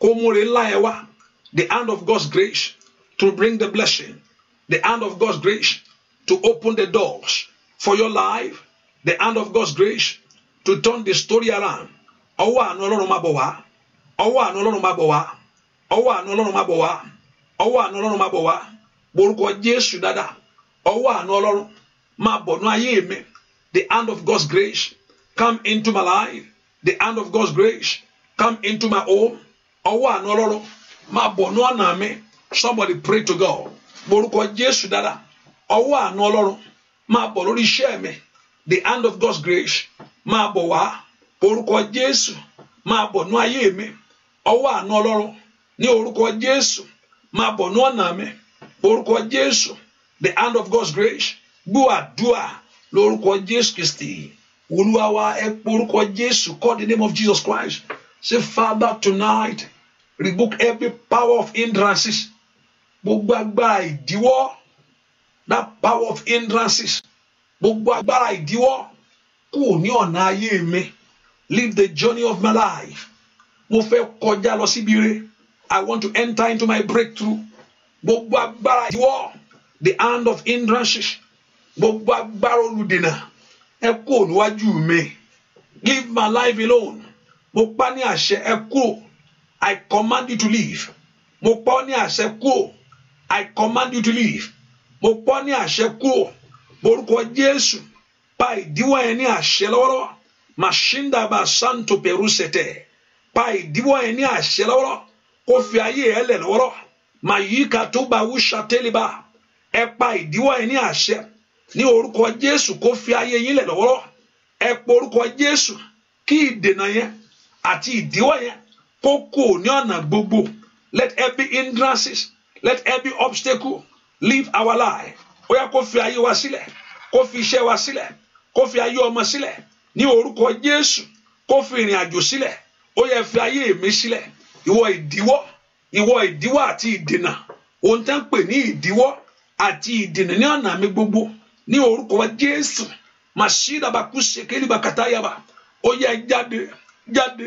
kó múre wá. The hand of God's grace to bring the blessing. The hand of God's grace to open the doors for your life. The hand of God's grace to turn the story around. Owa àánú mabowa. Owa bọ̀ mabowa. Owa àánú mabowa. Owa bọ̀ mabowa. Ọwọ́ Borúkọ Jésù dáadáa. Ọwọ́ àánú Ọlọ́run máa bọ̀ The hand of God's grace come into my life. The hand of God's grace come into my home. Owa àánú máa bọ̀ ní ọ̀nà mi somebody pray to God morúkọ Jésù dára ọwọ́ àánú Ọlọ́run máa bọ̀ lórí iṣẹ́ mi the hand of God's grace máa bọ̀ wá orúkọ Jésù máa bọ̀ ní ayé mi ọwọ́ àánú Ọlọ́run ní orúkọ Jésù máa bọ̀ ní ọ̀nà mi orúkọ Jésù the hand of God's grace gbọ́ àdúà lórúkọ Jésù Kristi olúwa wa ẹ pé Jésù call the name of Jesus Christ say Father tonight rebuke every power of hindrances gbogbo agbára ìdíwọ́ that power of hindrances gbogbo agbára ìdíwọ́ kúrò ní ọ̀nà ayé mi leave the journey of my life mo fẹ́ kọjá lọ síbi ire I want to enter into my breakthrough gbogbo agbára ìdíwọ́ the hand of hindrances gbogbo agbára olùdènà ẹ kúrò níwájú mi leave my life alone mo pa ní àṣẹ ẹ kúrò. I command you to leave. Mo pọ́ ní àṣẹ kúò. I command you to leave. Mo pọ́ ní àṣẹ kúò. Orúkọ Jésù pa ìdíwọ́ yẹn ní àṣẹ lọ́wọ́lọ́wọ́. Màṣíńdà bá Santo Peru ṣẹ̀tẹ̀. Pa ìdíwọ́ yẹn ní àṣẹ lọ́wọ́lọ́wọ́. Kó fi ayé ẹ̀ lẹ̀ lọ́wọ́lọ́wọ́. Màá yí ká tó bá wúṣà tẹ́lẹ̀ bá. Ẹ pa ìdíwọ́ yẹn ní àṣẹ. Ní orúkọ Jésù kó fi ayé yín lẹ̀ lọ́wọ́lọ́wọ́. Ẹ pa orúkọ Jésù kí ìdènà yẹn àti ìdíwọ́ yẹn Poko kú ní ọ̀nà gbogbo let every hindrances let every obstacle leave our life ó yá kó fi ayé wa sílẹ̀ kó fi iṣẹ́ wa sílẹ̀ kó fi ayé ọmọ sílẹ̀ ní orúkọ Jésù kó fi ìrìn àjò sílẹ̀ ó yẹ fi ayé mi sílẹ̀ ìwọ ìdíwọ́ ìwọ ìdíwọ́ àti ìdènà ohun tẹ́ ń pè ní ìdíwọ́ àti ìdènà ní ọ̀nà mi gbogbo ní orúkọ Jésù màṣídàbàkú ṣèkélébàkátàyàbà ó yẹ jáde jáde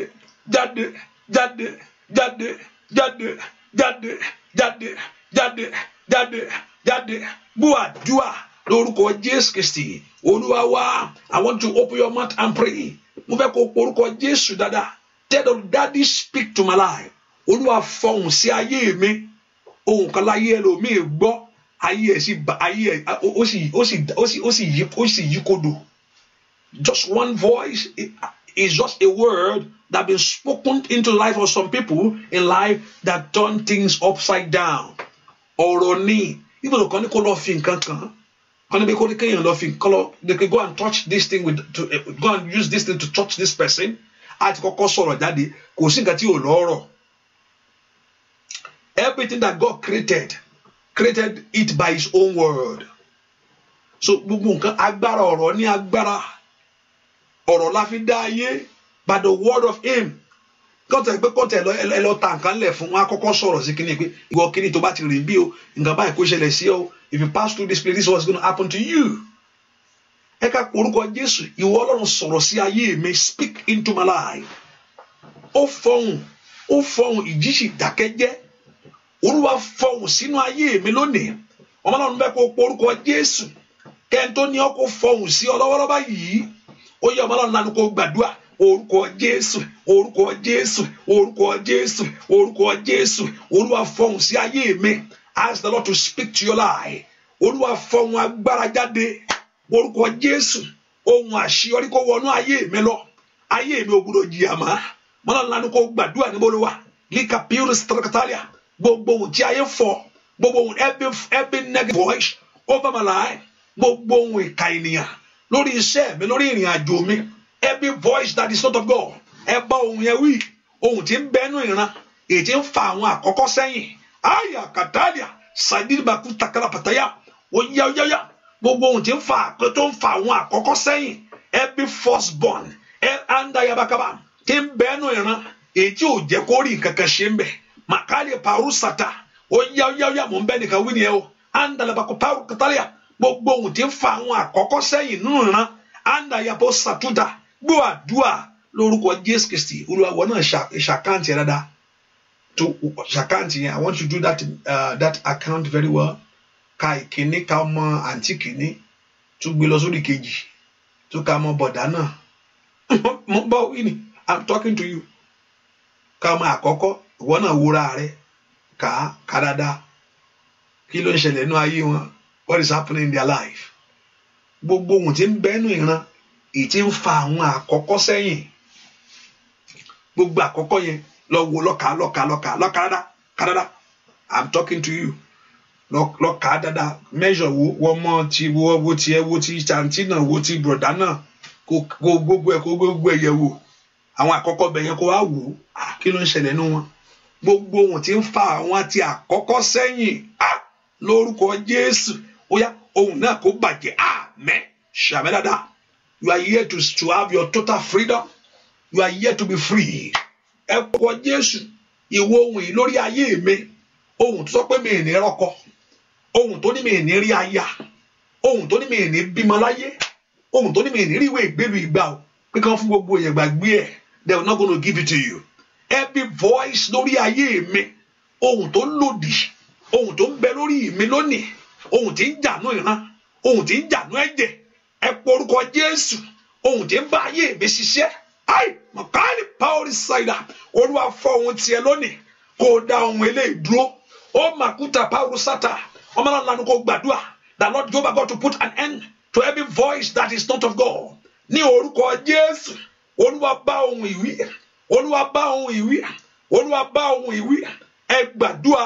jáde jáde jáde jáde jáde jáde jáde jáde jáde gbúwàdúà lórúkọ Jésù Kristi Olúwa wa I want to open your mouth and pray mo fẹ́ kó orúkọ Jésù dáadáa tell the daddy speak to my life Olúwa fọhùn sí ayé mi ohun kan láyé ẹlòmíì gbọ́ ayé ẹ̀ sì ayé ẹ̀ ó sì ó sì ó sì ó sì yí ó sì yí kodò just one voice is just a word that have been spoken into life of some people in life that turn things upside down. Ọ̀rọ̀ ni ibùdó kan ní kó lọ fi nǹkan kan kan níbi kéèyàn lọ fi nǹkan lọ they can go and touch this thing with to uh, go and use this thing to touch this person àti kọ́kọ́ sọ̀rọ̀ jáde kò sí nǹkan tí ò lọ́rọ̀. Everything that God created created it by his own word. So gbogbo nǹkan agbára ọ̀rọ̀ ní agbára ọ̀rọ̀ la dá ayé by the word of him kọ́tà pé kọ́tà ẹ lọ ta nǹkan lẹ̀ fún wọn akọ́kọ́ sọ̀rọ̀ sí kíni pé ìwọ kíni tó bá ti rìn bí o nǹkan báyìí kó ṣẹlẹ̀ sí ọ if you pass through this place this is going to happen to you. ẹ ká orúkọ Jésù ìwọ Ọlọ́run sọ̀rọ̀ sí ayé mi speak into my life. ó fọhùn ó fọhùn ìjísì dákẹ́jẹ́ Olúwa fọhùn sínú ayé mi lónìí ọmọ náà ń bẹ kó orúkọ Jésù kẹ́ńtó ni ọ kó fọhùn sí ọ báyìí ó yẹ ọmọ náà lánàá orúkọ jésù orúkọ jésù orúkọ jésù orúkọ jésù olúwa fọhùn sí ayé mi ask the lord to speak to your life olúwa fọhùn agbára jáde orúkọ jésù ohun àṣeyọrí kó wọnú ayé mi lọ ayé mi ò gbọdọ̀ jìyà mọ́ mọ́nà ńlá ni kò gbàdúrà níbo ló wà líka pure strictalia gbogbo ohun tí ayé fọ gbogbo ohun every negative voice over my life gbogbo ohun ìka ènìyàn lórí iṣẹ́ mi lórí ìrìn àjò mi every voice that is not of God ẹ bá ohun yẹn wí ohun tí ń bẹnu ìran èyí tí ń fa àwọn àkọ́kọ́ sẹ́yìn àyà kàtàlíà sàdínbàkú takara pàtàyà oyáyáyá gbogbo ohun tí ń fa tó ń fa àwọn àkọ́kọ́ sẹ́yìn every first born ẹ andayabakaba tí ń bẹnu ìran èyí tí ò jẹ́ kó rí nǹkan kan ṣe ń bẹ̀ màkàlì parusata oyáyáyá mò ń bẹ́ nìkan wí nìyẹn o andalabakú paru kàtàlíà gbogbo ohun tí ń fa àwọn àkọ́kọ́ sẹ́yìn nínú ìran andayabo satuda gbọ́ àdúà lórúkọ Jésù Kristi Olúwa wọn náà ṣàkáǹtì ẹ̀ dáadáa tó ṣàkáǹtì yẹn I want you to do that, uh, that account very well ka ìkíní ka mọ àǹtí kìíní tó gbé lọ sórí kejì tó ka mọ bọ̀dá náà mo bọ́ wí I'm talking to you ká máa àkọ́kọ́ ìwọ náà wúra rẹ ká ká dáadáa kí ló ń ṣẹlẹ̀ nínú ayé wọn what is happening in their life gbogbo ohun tí ń bẹ nínú ìran èyí tí ń fa àwọn àkọ́kọ́ sẹ́yìn gbogbo àkọ́kọ́ yẹn lọ wo lọ́ka lọ́ka lọ́ka lọ́ka dáadáa kádàdá i'm talking to you lọ́ka dáadáa measure wo wọ́n mọ́ ti wo wo ti ẹ wo ti ṣàǹtì náà wo ti bùrọ̀dá náà kó gbogbo ẹ kó gbogbo ẹ yẹ wò àwọn àkọ́kọ́ bẹ̀ yẹn kó wá wò ó kí ló ń ṣẹlẹ̀ nínú wọn gbogbo wọn ti ń fa àwọn àti àkọ́kọ́ sẹ́yìn lórúkọ Jésù ó yá ohun náà kó bàjẹ́ àmẹ́ ṣàmẹ́ dáadáa You are here to, to have your total freedom. You are here to be free. Ẹ kọ Jésù ìwo ohun yìí lórí ayé mi. Ohun tó sọ pé mi ì ní rọ́kọ. Ohun tó ní mi ì ní rí aya. Ohun tó ní mi ì ní bímọ láyé. Ohun tó ní mi ì ní rí ìwé ìgbélu ìgbà o. Pé kí wọ́n fún gbogbo èèyàn gbàgbé ẹ̀. They are not gonna give it to you. Every voice lórí ayé mi. Ohun tó lòdì. Ohun tó ń bẹ lórí mi lónìí. Ohun tí ń jànú ìran. Ohun tí ń jànú ẹ̀jẹ̀ ẹ porúkọ jésù ohun tí ń bá ayé mi ṣiṣẹ́ ai mọ̀káàlì paoli ṣáìdà olúwa fọ ohun tiẹ̀ lónìí kó o dá ohun eléyìí dúró ó màkúta paoli sátà ọmọ náà lanu kó gbàdúrà that lord jehovah god to put an end to every voice that is not of god ní orúkọ jésù olúwa bá ohun ìwí olúwa bá ohun ìwí olúwa bá ohun ìwí ẹ gbàdúrà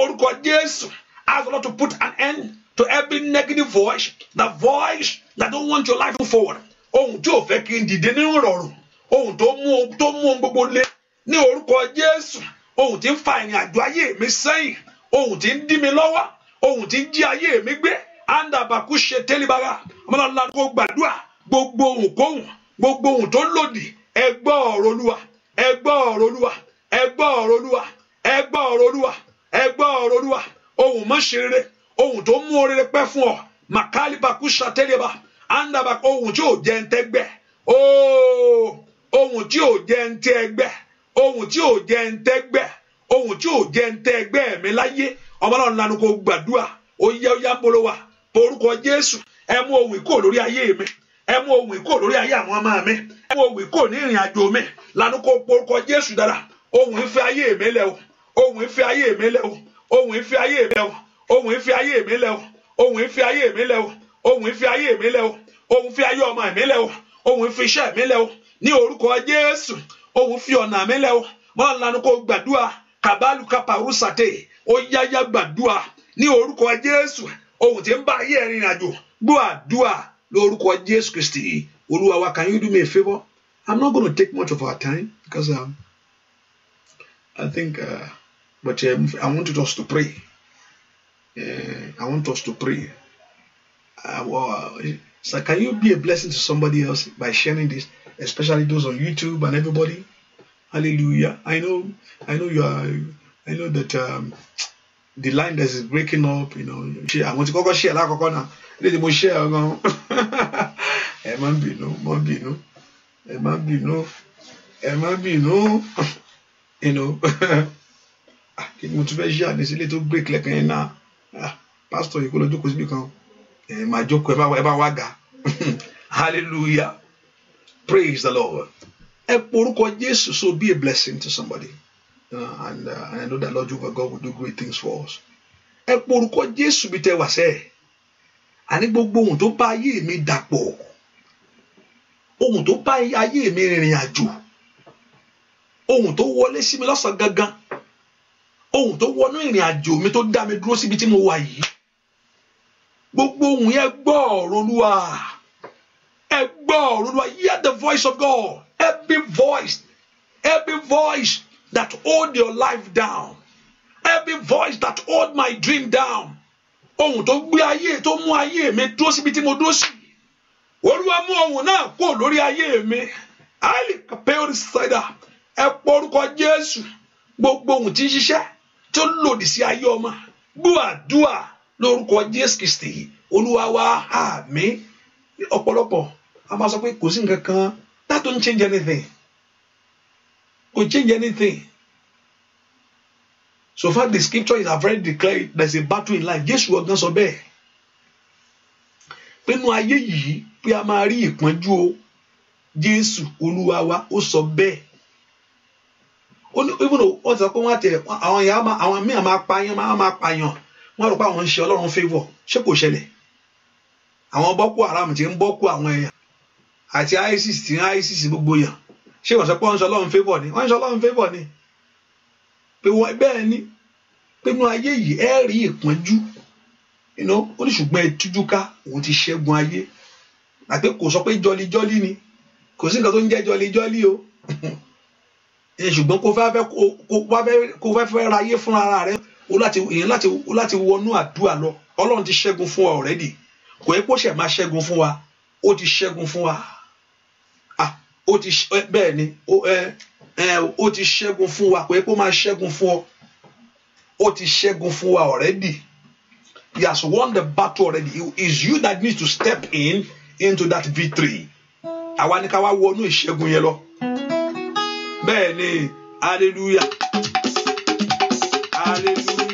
orúkọ jésù ask the lord to put an end to every negative voice the voice that don't want your life to forward ohun tí ò fẹ́ kí n dìde nínú rọrùn ohun tó mú tó mú ohun gbogbo le ní orúkọ Jésù ohun tí ń fa ìrìn àjò ayé mi sẹ́yìn ohun tí ń dí mi lọ́wọ́ ohun tí ń jí ayé mi gbé andabaku ṣe tẹ́lifara ọmọláńlá kó gbàdúrà gbogbo ohun kóhun gbogbo ohun tó lòdì ẹ ọ̀rọ̀ Olúwa ẹ ọ̀rọ̀ Olúwa ẹ ọ̀rọ̀ Olúwa ẹ ọ̀rọ̀ Olúwa ẹ ọ̀rọ̀ Olúwa ohun mọ́ṣẹ́rẹ́ ohun tó mú oore pẹ́ fún ọ màkàlíbakú ṣàtẹ́lẹ́bà andaba ohun tí ohun tí o jẹ́ ohun tí o jẹ́ ohun tí o jẹ́ mi láyé ọmọ náà lanu kò gbàdúrà ó yá ó yá ohun ìkó lórí ayé mi ẹ ohun ìkó lórí ayé àwọn ọmọ mi ohun ìkó ní ìrìn àjò mi lanu ohun ayé mi lẹ o ohun ayé mi lẹ o ohun òun fi ayé mi lẹ o òun fi ayé ọmọ mi lẹ o òun fi iṣẹ́ mi lẹ o ní orúkọ Jésù òun fi ọ̀nà mi lẹ o mọ́ lanu kó gbàdúrà kàbálù kàpàrú sàté ó yáyá gbàdúrà ní orúkọ Jésù òun ti ń bá ayé ẹ̀rìn àjò gbọ́ àdúrà lórúkọ Jésù Kristi Olúwa wa can you do me a favour I'm not gonna take much of our time because um, I think uh, but um, I wanted us to pray uh, I want us to pray uh, well, can you be a blessing to somebody else by sharing this, especially those on YouTube and everybody? Hallelujah! I know, I know you are, I know that um, the line that is breaking up. You know, ṣe àwọn tí kọ́kọ́ ṣe alákọ̀ọ́kọ́ náà ilé tí mo ṣe ẹ̀ gan ẹ má bínú má bínú ẹ má bínú ẹ má bínú you know ah, kí ni mo tún fẹ́ ṣe àdínsílẹ̀ tó break lẹ́kàn yẹn náà ah, pastor yìí kó lọ jókòó síbi kan ẹ eh, máa ẹ bá wá ga hallelujah praise the lord ẹ porúkọ Jésù so be a blessing to somebody uh, and, uh, and I know that Lord Jehovah God will do great things for us ẹ porúkọ Jésù bí tẹ wá sẹ àní gbogbo ohun tó bá ayé mi dàpọ̀ ohun tó bá ayé mi rìnrìn àjò ohun tó wọlé sí mi lọ́sàn gangan ohun tó wọnú ìrìn àjò mi tó dá mi dúró síbi tí mo wà yìí gbogbo ohùn yẹn gbọ́ ọ̀rọ̀ olúwa ẹ gbọ́ ọ̀rọ̀ hear the voice of God every voice every voice that hold your life down every voice that hold my dream down ohùn tó gbé ayé tó mú ayé mi dúró síbi tí mo dúró sí olúwa mú ohùn náà kúrò lórí ayé mi àìlè kàpẹ́ọ́rì ṣẹ̀dá ẹ pọ orúkọ Jésù gbogbo ohùn tí ń ṣiṣẹ́ tó lòdì sí ayé ọmọ gbúàdúà lórúkọ jésù kristi olúwa wa àmín ọ̀pọ̀lọpọ̀ a máa sọ pé kò sí nǹkan kan that don't change anything kò change anything so far the scripture is already declared there is a battle in life jésù ọ̀gán sọ bẹ́ẹ̀ pé nínú ayé yìí pé a máa rí ìpọ́njú o jésù olúwa wa ó sọ bẹ́ẹ̀ ó ní even though wọ́n ti sọ pé wọ́n á tẹ̀ àwọn èèyàn àwọn míì á máa pa yàn máa máa wọ́n rò pé àwọn ń ṣe ọlọ́run favour ṣé kò ṣẹlẹ̀ àwọn boko haram ti ń boko àwọn èèyàn àti isis ti ń isis gbogbo èèyàn ṣé wọ́n sọ pé wọ́n ń ṣe ọlọ́run favour ni wọ́n ń ṣe ọlọ́run favour ni pé wọ́n bẹ́ẹ̀ ni pé inú ayé yìí ẹ rí ìpọ́njú iná ó ní ṣùgbọ́n ẹ tújú ká òun ti ṣẹ́gun ayé àti kò sọ pé jọlíjọlí ni kò sí nǹkan tó ń jẹ́ jọlíjọlí o ṣùgbọ́n kó fẹ́ fẹ́ kó fẹ́ fẹ́ ra ayé fúnra rẹ̀ ìyẹn láti wọnú àdúrà lọ ọlọ́run ti ṣẹ́gun fún wa already kò yẹ kó ṣẹ̀ máa ṣẹ́gun fún wa ó ti ṣẹ́gun fún wa ó ti bẹ́ẹ̀ ni ó ti ṣẹ́gun fún wa kò yẹ kó máa ṣẹ́gun fún ọ ó ti ṣẹ́gun fún wa already he has won the battle already it is you that needs to step in into that victory àwa ni ká wá wọnú ìṣẹ́gun yẹn lọ bẹ́ẹ̀ ni hallelujah. Hallelujah.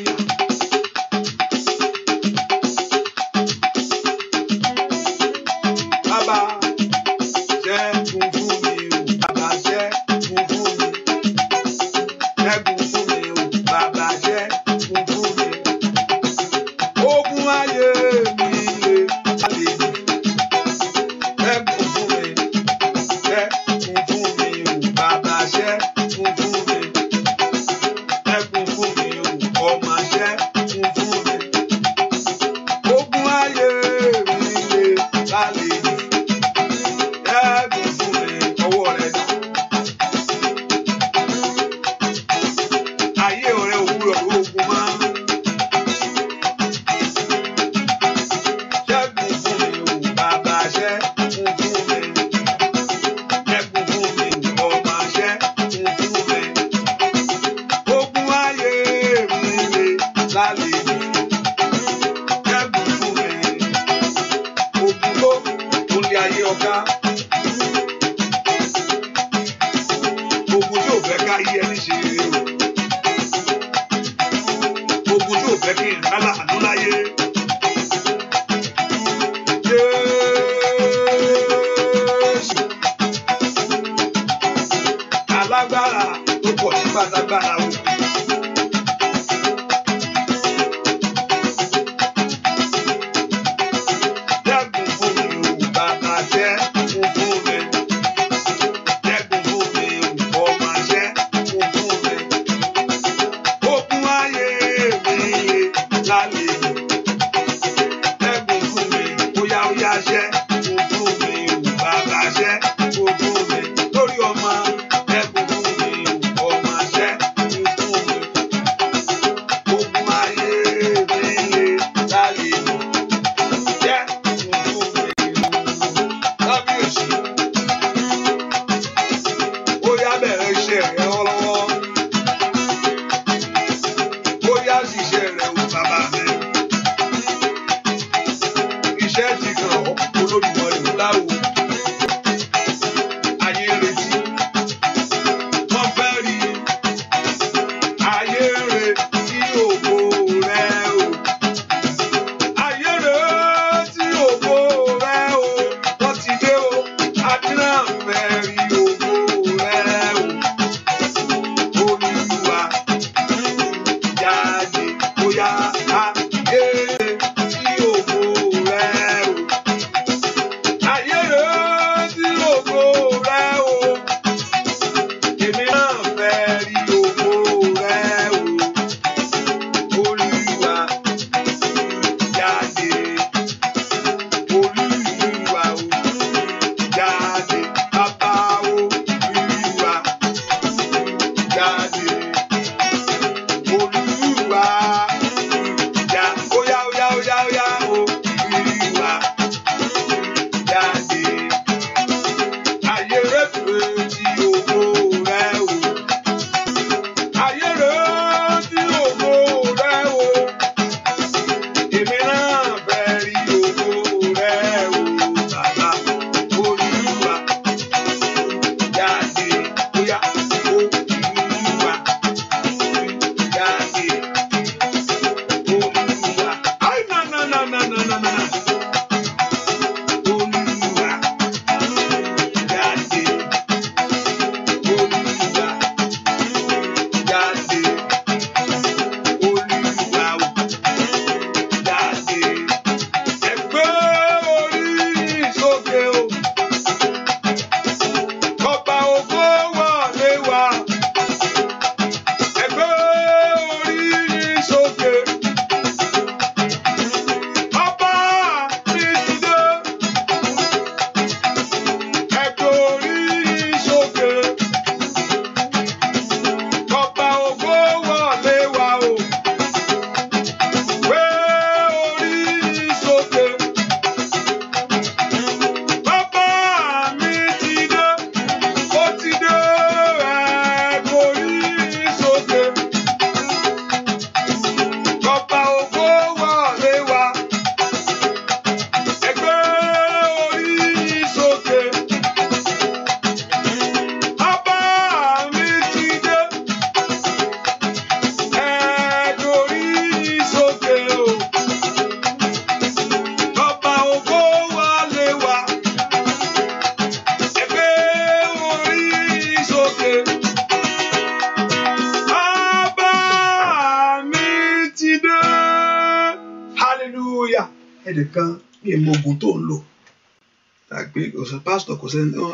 kò sẹ́ni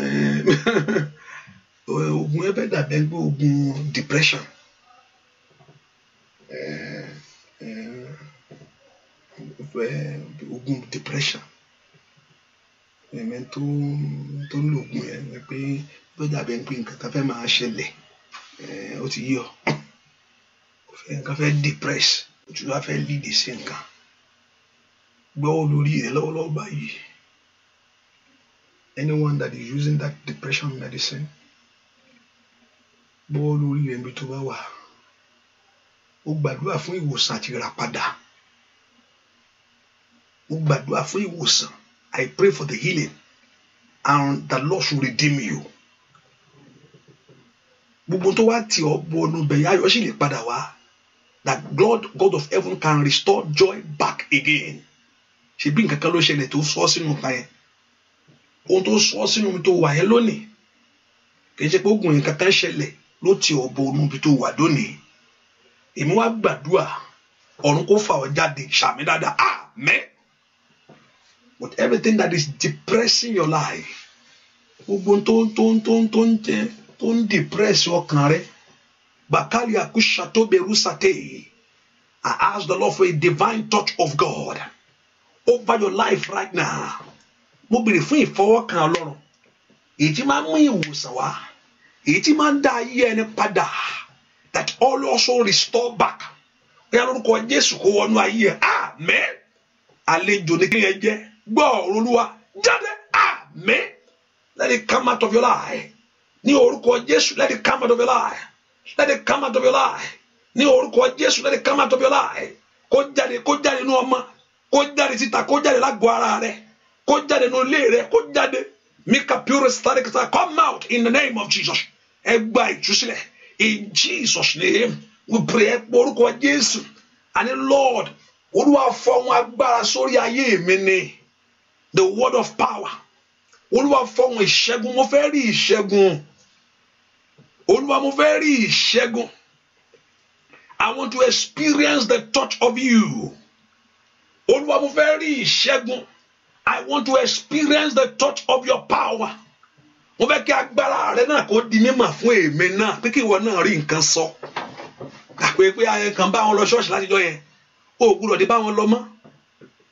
eh, eh, ogun ẹ fẹ́ dàbí ẹgbẹ́ ogun depression eh, ogun depression ẹ̀mẹ́ tó tó ń lo ogun yẹn ni pé ó dàbí ẹni pé nǹkan kan fẹ́ máa ṣẹlẹ̀ ó ti yí nǹkan fẹ́ depress ó ti fẹ́ lead sí nǹkan gbọ́wọ́ lórí rẹ lọ́wọ́lọ́wọ́ báyìí using that depression medicine bọ́ lórí rẹ̀ níbi tó bá wà ó gbàdúrà fún ìwòsàn àti ìràpadà ó gbàdúrà fún ìwòsàn I pray for the healing and the Lord should redeem you gbogbo tó wá tì ọ́ bọ ọdún bẹ̀yà ayọ̀ sì lè padà wá that God God of heaven can restore joy back again ṣebí nǹkan kan ló ṣẹlẹ̀ tó sọ sínú kan yẹn ohun tó sọ sínú omi tó wà yẹn lónìí kì í ṣe pé ogun nǹkan kan ṣẹlẹ̀ ló ti ọ̀bọ inú ibi tó wà lónìí èmi wá gbàdúrà ọ̀run kó fà ọ́ jáde ṣàmì dáadáa àmín but everything that is depressing your life gbogbo tó tó tó tó ń jẹ tó ń depress ọkàn rẹ bàkàlì àkúṣà tó bẹ̀rù sàté I ask the Lord for a divine touch of God over your life right now mo béèrè fún ìfọwọ́kàn ọlọ́run èyí tí máa ń mú ìwòsàn wá èyí tí máa ń dá ayé ẹni padà that all also restore back bóyá lórúkọ jésù kó wọnú ayé ẹ àmín àlejò ní kéèyàn jẹ gbọ́ ọ̀rọ̀ olúwa jáde àmín let it come out of your life ní orúkọ jésù let it come out of your life let it come out of your life ní orúkọ jésù let it come out of your life kó jáde kó jáde inú ọmọ kó jáde síta kó jáde lágọ̀ọ́ ara rẹ̀ kó jáde nínú ilé rẹ kó jáde mika pure static come out in the name of Jesus ẹ gba ìtúsílẹ̀ in Jesus name we pray ẹ pé orúkọ Jésù àní Lord olúwa fọ ohun agbára sórí ayé mi ni the word of power olúwa fọ ohun ìṣẹ́gun mo fẹ́ rí ìṣẹ́gun olúwa mo fẹ́ rí ìṣẹ́gun I want to experience the touch of you olúwa mo fẹ́ rí ìṣẹ́gun. I want to experience the touch of your power. Mo fẹ́ kí agbára rẹ náà kó di mímọ̀ fún èmi náà pé kí ìwọ náà rí nǹkan sọ. Àpè pé ayẹyẹ kan bá wọn lọ ṣọ́ọ̀ṣì látijọ́ yẹn. O ò gbúdọ̀ di bá wọn lọ mọ́.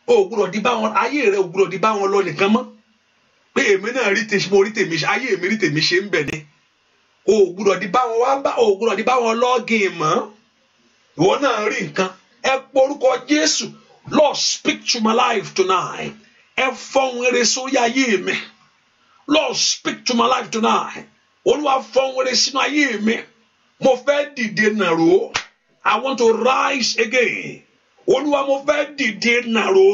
O ò gbúdọ̀ di bá wọn ayé rẹ ò gbúdọ̀ di bá wọn lọ nìkan mọ́. Pé èmi náà rí tèmi mo rí tèmi ṣe ayé èmi rí tèmi ṣe ń bẹ̀ ni. O ò gbúdọ̀ di bá wọn wá bá o ò gbúdọ̀ di bá wọn lọ́ọ̀gìn mọ́. Ìwọ náà rí nǹkan. Ẹ porúkọ Jésù. Lord speak to my life tonight. ẹ fọhùn rere sórí ayé mi Lord speak to my life tonight olúwa fọhùn rere sínú ayé mi mo fẹ́ dìde nàró I want to rise again olúwa mo fẹ́ dìde nàró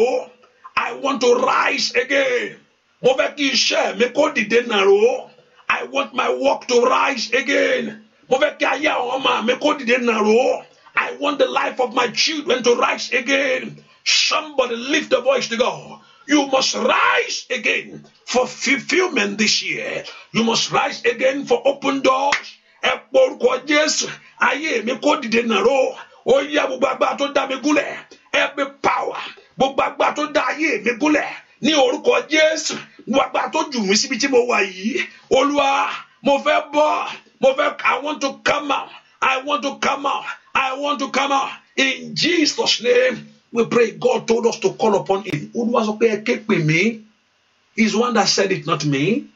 I want to rise again mo fẹ́ kí iṣẹ́ mi kó dìde nàró I want my work to rise again mo fẹ́ kí ayé àwọn ọmọ mi kó dìde nàró I want the life of my children to rise again somebody lift the voice to God. You must rise again for fulfillment this year. You must rise again for open doors. Ẹ pọ Jésù, ayé mi kò dìde nàró. Ó yá gbogbo agbára tó dá mi gúnlẹ̀. Every power, gbogbo agbára tó dá ayé mi gúnlẹ̀. Ní orúkọ Jésù, gbogbo agbára tó jù mí síbi tí mo wà yìí. Olúwa, mo fẹ́ bọ́, mo fẹ́, I want to come out, I want to come out, I want to come out. In Jesus' name. We pray. God told us to call upon Him. Olúwa sọ pé me. He's one that said it, not me.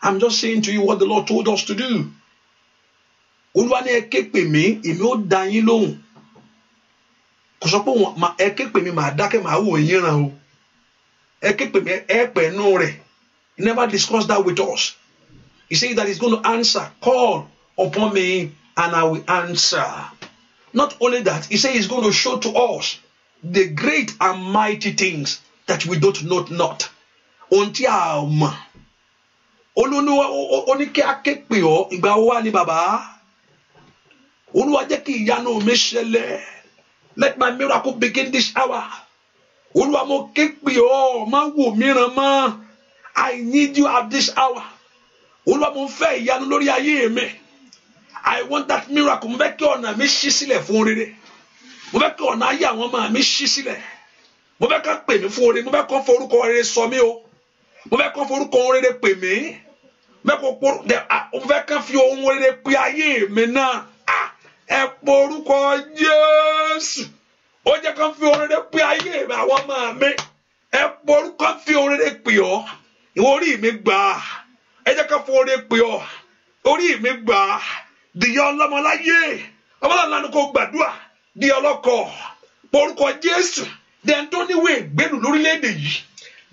I'm just saying to you what the Lord told us to do. Olúwa ní ẹ ké pè mí, èmi ó dá yín me pé ẹ ké pè mí, màá dákẹ́, màá wò yín ràn o. Ẹ ké pè He never discussed that with us. He said that he's going to answer. Call upon me and I will answer. Not only that, he said he's going to show to us the great and mighty things that we don't know not ohun tí a mọ̀ olúwa ní kí a ké pè ọ́ ìgbà wo wá ní bàbá olúwa jẹ́ kí ìyanu mi ṣẹlẹ̀ let my miracle begin this hour olúwa mo ké pè ọ́ má wò mìíràn mọ́ I need you at this hour olúwa mo fẹ́ ìyanu lórí ayé mi I want that miracle mo fẹ́ kí ọ̀nà mi ṣí sílẹ̀ fún rere mo fẹ́ kí ọ̀nà ayé àwọn ọmọ mi ṣí sílẹ̀ mo fẹ́ ká pè mí fún oore mo fẹ́ kọ́ forúkọ rere sọ mí o mo fẹ́ kọ́ forúkọ rere pè mí mo fẹ́ kọ́ fi ohun rere pe ayé mi náà ẹ pọ orúkọ Jésù ó jẹ́ kó fi ohun rere pe ayé mi àwọn ọmọ mi ẹ pọ orúkọ fi ohun rere pè ọ́ ìwọ orí mi gbà ẹ jẹ́ kó fi ohun rere pè ọ́ orí mi gbà dìyà ọlọ́mọláyé ọmọláńlá ni kò gbàdúrà di ọlọ́kọ̀ porúkọ Jésù dẹ́n tó níwèé ìgbélù lórílẹ̀‐èdè yìí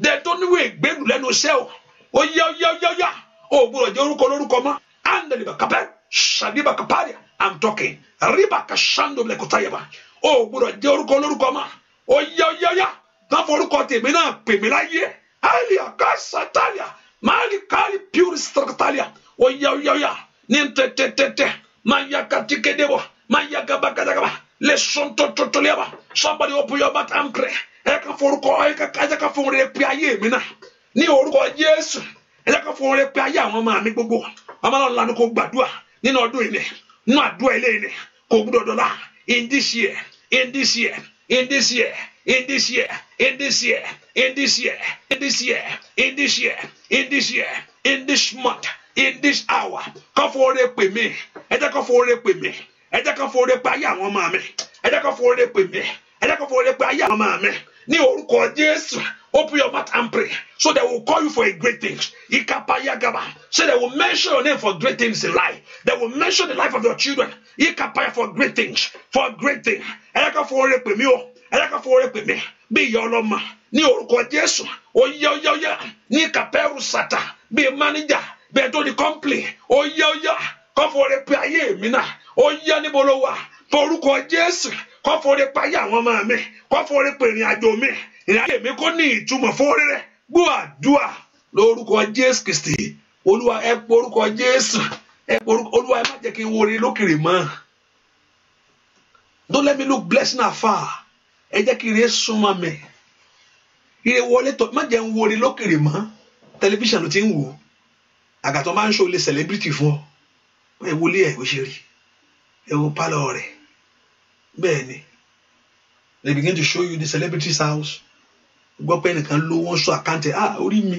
dẹ́n tó níwèé ìgbélù lẹ́nu iṣẹ́ o ó yá yá yá yá o gbọ́dọ̀ jẹ́ orúkọ lórúkọ mọ́ andaliba kapẹ́ sadiba kaparia I'm talking riba kasando bilekutayaba o gbọ́dọ̀ jẹ́ orúkọ lórúkọ mọ́ ó yá yá yá náà forúkọ tèmi náà pèmí láyé alia kasatalia maali kari pure stratalia ó yá yá yá ní tẹ́tẹ́tẹ́tẹ́ máa yá katikẹ́dẹ́wọ̀ máa yá gabagabagaba somebody open your mouth and pray ẹ ká forúkọ ẹ ká fún rẹ pé ayé mi náà ní orúkọ Jésù ẹ ká fún rẹ pé ayé àwọn ọmọ mi gbogbo ọmọ náà lanu kò gbàdúrà nínú ọdún yìí nínú àdúrà ilé yìí kò gbúdọ̀ dọ̀la in this year in this year in this year in this year in this year in this year in this year in this year in this year in this month in this hour ká fún rẹ pè mí ẹ jẹ́ ká fún rẹ pè ẹ jẹ́ kó foore pa ayé àwọn ọmọ mi ẹ jẹ́ kó foore pè mí ẹ jẹ́ kó foore pa ayé àwọn ọmọ mi ní orúkọ Jésù open your mouth and pray so they will call you for a great thing ikapayagaba so they will mention your name for great things in life they will mention the life of your children ikapaya for great things for great things ẹ jẹ́ kó foore pè mí o ẹ jẹ́ kó foore pè mí bí ìyá ọlọ́mọ ní orúkọ Jésù oyá oyá oyá ní kapẹ́rù sàtà bí mánéjà bẹ́ẹ̀ tó di kọ́ńpìlì oyá oyá kọ́ foore pè ayé mi náà. O ya níbo wa, forúkọ jésù kọ́ forí payé àwọn ọmọ mi kọ́ forí pè àjò mi ìrìn mi kò ní ìtumọ̀ fórí gbọ́ àdúà lórúkọ kristi olúwa ẹ porúkọ jésù ẹ porúkọ olúwa ẹ má jẹ́ kí n lókèrè mọ́ let me look blessing afar ire súnmọ́ mi ire wọlé má jẹ́ n lókèrè mọ́ tẹlifíṣàn ló ti ń wò àgàtọ̀ máa ń ẹ wo pálọ̀ rẹ̀ bẹ́ẹ̀ ni they begin to show you the celebrity's house gbọ́ pé ẹnìkan ló wọ́n sọ àkáǹtì ah orí mi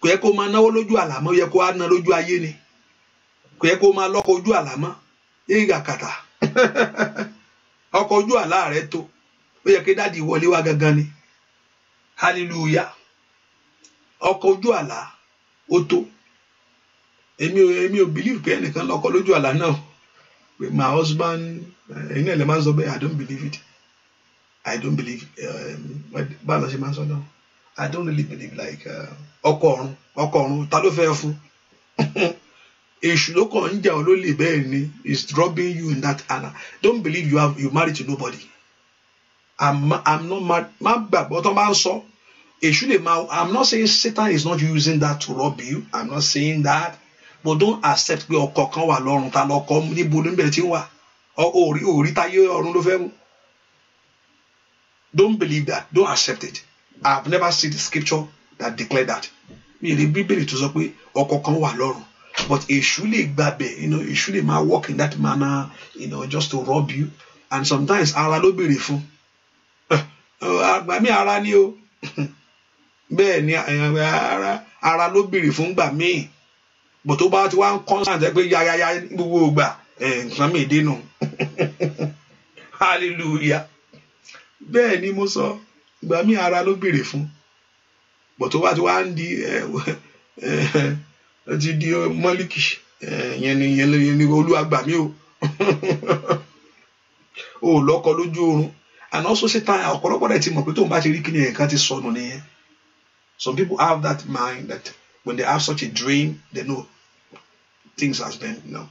kò yẹ kó máa náwó lójú àlámọ́ yẹ kó á ná lójú ayé ni kò yẹ kó máa lọ́kọ̀ ojú àlámọ́ yéé gàkàtà ọkọ̀ ojú àlá rẹ̀ tó ó yẹ kí dáàdi wọlé wá gangan ni hallelujah ọkọ̀ ojú àlá ó tó èmi ò èmi ò believe pé ẹnìkan lọ́kọ̀ lójú àlá náà my husband ẹ̀yin náà lè máa ń I don't believe it I don't believe um, báwo la ṣe máa ń sọ I don't really believe like uh, ọkọ ọ̀run ọkọ ọ̀run ta ló fẹ́ fún èṣù ló kàn ń jà ọ́ ló is dropping you in that anna don't believe you have you married to nobody i'm i'm not mad But gbàgbọ́ tó it should. i'm not saying Satan is not using that to rob you i'm not saying that but don't accept pé ọkọ kan wà lọ́run ta lọ́kọ níbo níbẹ̀ tí ń wà orí orí táyé ọ̀run ló fẹ́ mú don't believe that don't accept it i have never seen the scripture that declare that mi rí bíbélì tó sọ pé ọkọ kan wà lọ́run but èṣù lè gbàbẹ̀ you know èṣù lè máa work in that manner you know just to rob you and sometimes ara ló béèrè fún eh, àgbà mi ara ni o bẹ́ẹ̀ ni eh, ara ló béèrè fún gbà míì bò tó bá ti wá ń constant ẹ pé yáyáyá gbogbo ìgbà nǹkan mi dénú hallelujah bẹ́ẹ̀ ni mo sọ ìgbà mi ara ló béèrè fún bò tó bá ti wá ń di ti di mọ́líkì yẹn ni yẹn ni olúwa gbà mí o o lọ́kọ lójú oorun and also Satan ọ̀pọ̀lọpọ̀ rẹ̀ ti mọ̀ pé tóun bá ti rí kíni ẹ̀ka ti sọnù nìyẹn some people have that mind that when they have such a dream they know things has been you know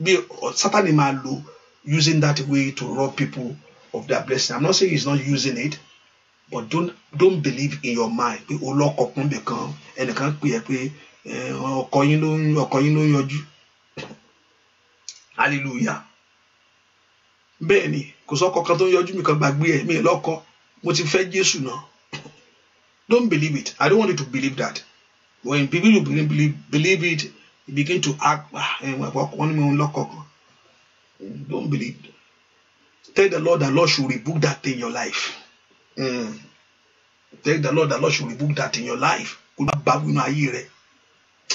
be Satan imalu using that way to rob people of their blessing i'm not saying he's not using it but don't don't believe in your mind pé olókọkún nìkan ẹnìkan pè é pé eh, hallelujah bẹ́ẹ̀ ni kò sọ́kọ kan tó ń yọjú mi kan gbàgbé ẹ̀ mi lọ́kọ mo ti fẹ́ Jésù náà don't believe it i don't want you to believe that when people you believe, believe it you begin to act ah, eh, mm, don't believe tell the Lord that Lord should rebuke that in your life mm. tell the Lord that Lord should rebuke that in your life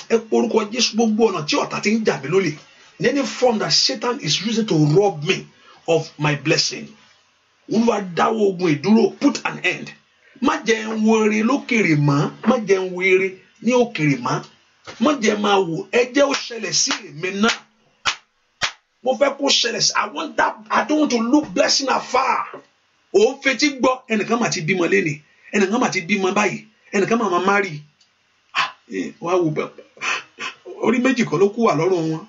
ẹ porúkọ Jésù gbogbo ọ̀nà tí ọ̀tá ti ń jà mí lólè in any form that Satan is using to rob me of my blessing olúwa dáwọ́ ogun ìdúró put an end má jẹ́ ń lókèrè mọ́ má jẹ́ ń ní òkèrè má má jẹ́ máa wò ẹ jẹ́ ó ṣẹlẹ̀ sí èmi náà mo fẹ́ kó ṣẹlẹ̀ sí i want that I don't want to look blessing afar òun fetí gbọ́ ẹnìkan mà ti bímọ lẹ́nìí ẹnìkan mà ti bímọ báyìí ẹnìkan mà máa márì ah, wá wò bẹ́ẹ̀ orí méjì kan ló kú wà lọ́rùn wọn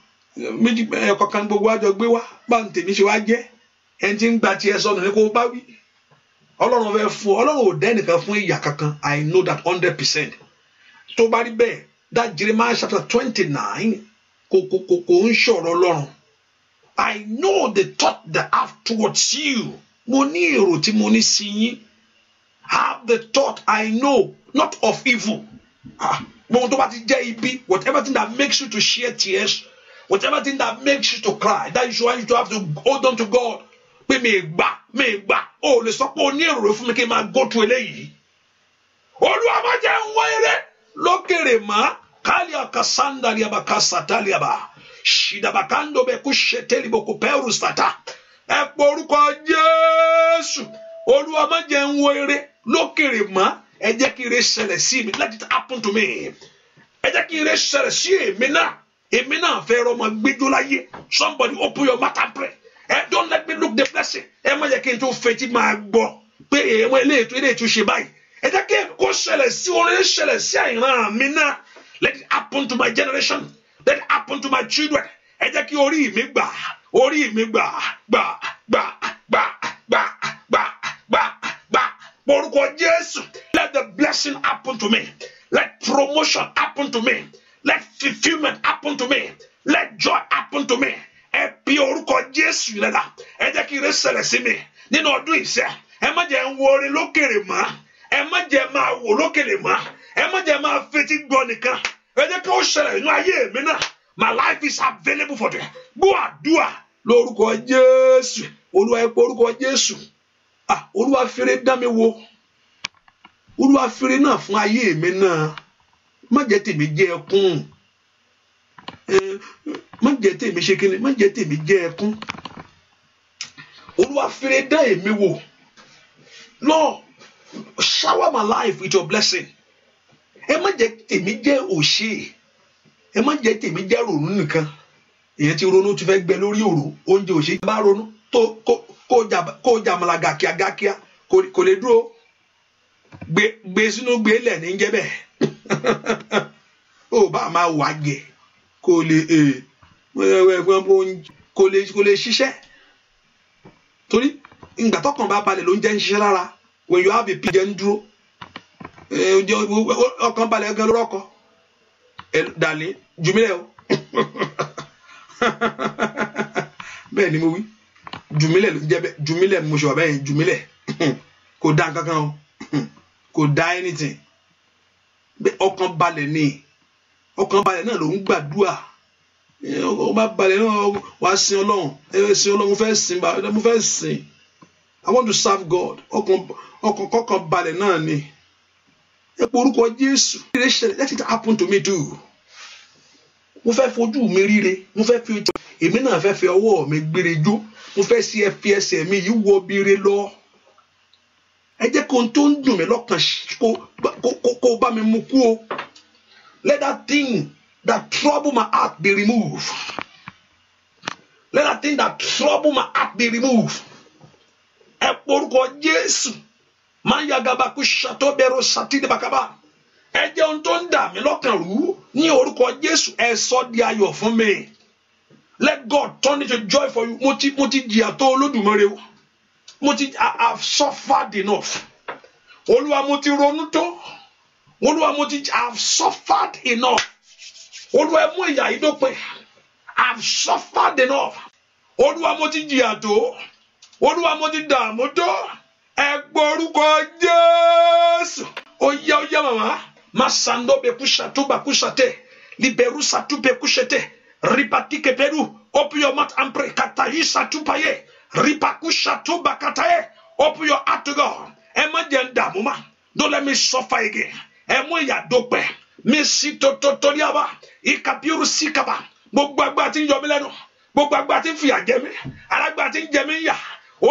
méjì ẹ̀kọ́ kan gbogbo àjọ gbé wá bá ń tèmi ṣe wá jẹ́ ẹni tí ń gba tiẹ̀ sọnù ní kó bá wí ọlọ́run fẹ́ fún ọ ọlọ́run ò dẹ́ nìkan fún ìyà kankan I know that hundred percent tó bá rí bẹ́ẹ̀ that Jeremiah chapter twenty nine kò kò kò kò ń ṣọ̀rọ̀ Ọlọ́run I know the thought that I have towards you mo ní èrò tí mo ní sí yín have the thought I know not of evil ah tó bá ti jẹ́ ibi whatever thing that makes you to share tears whatever thing that makes you to cry that is why you to have to hold on to God pé mi gbà mi gbà o lè sọ pé o ní èrò fún mi kí n máa go to eléyìí olúwa má jẹ́ n wá eré lókèrè ma, kali akasanda bá kasataliya bá ṣìdàbàkàndó bẹ kú ṣètẹ́lì bò kú e pẹ́rù sàtà ẹ pọ orúkọ Jésù Olúwa má jẹ́ ń wo eré lókèrè mọ́ ẹ jẹ́ mi let it happen to me ẹ e jẹ́ kí eré ṣẹlẹ̀ sí èmi náà èmi e náà fẹ́ rọmọ gbẹjọ láyé somebody open your mouth and pray don't let me look the blessing ẹ má jẹ́ kí n tún fetí máa gbọ́ pé èèwọ̀ eléètò eléètò ṣe báyìí ẹ jẹ́ kí èkó ṣẹlẹ̀ sí orin ṣẹlẹ̀ sí àìràn mi náà let it happen to my generation let it happen to my children ẹ jẹ́ kí orí mi gbà orí mi gbà gbà gbà gbà gbà gbà gbà gbà orúkọ Jésù let the blessing happen to me let promotion happen to me let fulfilment happen to me let joy happen to me ẹ bí orúkọ Jésù lẹ́la ẹ jẹ́ kí ire ṣẹlẹ̀ sí mi nínú ọdún ìṣẹ́ ẹ má jẹ́ ń wo lókèrè mọ́ ẹ má jẹ́ máa wò lókèlè mọ́ ẹ má jẹ́ máa fetí gbọ́ nìkan ẹ jẹ́ kí ó ṣẹlẹ̀ nínú ayé mi náà my life is available for them gbọ́ àdúrà lórúkọ jésù olúwa ẹ pé orúkọ jésù ah olúwa fèrè dá mi wò olúwa fèrè náà fún ayé mi náà má jẹ́ tèmi jẹ́ ẹkún má jẹ́ tèmi ṣe kíni má jẹ́ tèmi jẹ́ ẹkún olúwa fèrè dá èmi wò lọ́ọ̀ shower my life with your blessing ẹ má jẹ́ tèmi jẹ́ òṣè ẹ má jẹ́ tèmi jẹ́ ronú nìkan èyàn ti ronú ti fẹ́ gbẹ lórí òrò oúnjẹ òṣè bá ronú tó kó jàmàlà gàkíà gàkíà kò lè dúró gbé sínú gbé lẹ̀ ní jẹ́ bẹ́ẹ̀ ó bá máa wà jẹ kò lè kò lè ṣiṣẹ́ torí ìgbà tọkàn bá balẹ̀ ló ń jẹ́ ń ṣiṣẹ́ lára when you have a pigeon dúró eh, ọkàn balẹ̀ gan lórọ́kọ eh, dàlẹ́ jùmílẹ̀ o bẹ́ẹ̀ ni mo wí jùmílẹ̀ ló jẹ́ bẹ́ẹ̀ jùmílẹ̀ mo ṣe wà bẹ́ẹ̀ jùmílẹ̀ kò dá kankan o kò dá anything ọkàn balẹ̀ ni ọkàn balẹ̀ náà ló ń gbàdúrà eh, ó bá balẹ̀ náà wà á sin ọlọ́run ẹ sin ọlọ́run mo fẹ́ sin I want to serve God ọkàn balẹ̀ ọkàn kọ́kàn balẹ̀ náà ni ẹ pe orúkọ Jésù rírẹ ṣẹlẹ̀ let it happen to me too mo fẹ́ fojú mi ríre mo fẹ́ fi ojú èmi náà fẹ́ fi ọwọ́ mi gbére jó mo fẹ́ sí ẹfi ẹsẹ̀ mi yìí wọ bire lọ ẹ jẹ́ kó n tó ń dùn mí lọ́kàn kó bá mi mú kú o let that thing that trouble my heart be removed let that thing that trouble my heart be removed ẹ pe orúkọ Jésù mayagabaku ṣàtọ bẹrù ṣàtìdì bàkàbà ẹ jẹ́ ohun tó ń dà mí lọ́kàn rú ní orúkọ Jésù ẹ e sọ di ayọ̀ fún mi let God turn it to joy for you mo ti mo ti jìyà tó Olódùmarè o mo ti I have suffered enough Olúwa mo ti ronú tó Olúwa mo ti I have suffered enough Olúwa ẹ mú ìyà yìí dópin I have suffered enough Olúwa mo ti jìyà tó Olúwa mo ti dààmú tó ẹ gborúkọ Jésù ó yá ó yá màmá masando bekusha tuba kushate liberusa tupe kushete ribatike peru open your mouth and pray katayisa tupaye ribakusha tuba kataye open your heart to God ẹ má jẹ́ ń ma don't let me suffer again ẹ mú ìyà dópẹ́ mi si tototori aba ikabiru sikaba gbogbo agbá tí ń yọ mí lẹ́nu gbogbo agbá tí ń fìyà jẹ mí alágbá tí ń jẹ mí yà ó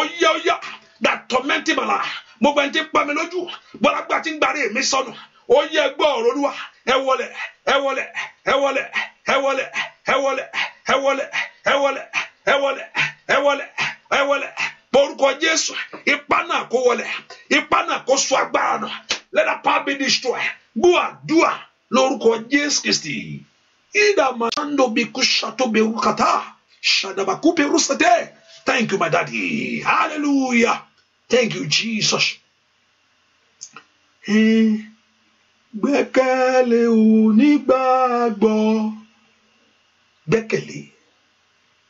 yá that tormenting my life gbogbo ẹni tí ń pa mi lójú gbọ́dọ̀gbà tí ń gbàrí mi sọnù ó yẹ gbọ́ ọ̀rọ̀ olúwa ẹ wọlé ẹ wọlé ẹ wọlé ẹ wọlé ẹ wọlé ẹ wọlé ẹ wọlé ẹ wọlé ẹ wọlé ẹ wọlé orúkọ jésù ipá náà kó wọlé ipá náà kó sọ agbára náà let that power be destroyed gbọ́ àdúrà lórúkọ jésù kristi ìdá màándo bí kú ṣàtó bí kú kàtá ṣàdàbà kú pé thank you my daddy hallelujah. Thank you, Jesus. Gbẹ́kẹ̀lé onígbàgbọ́. Gbẹ́kẹ̀lé.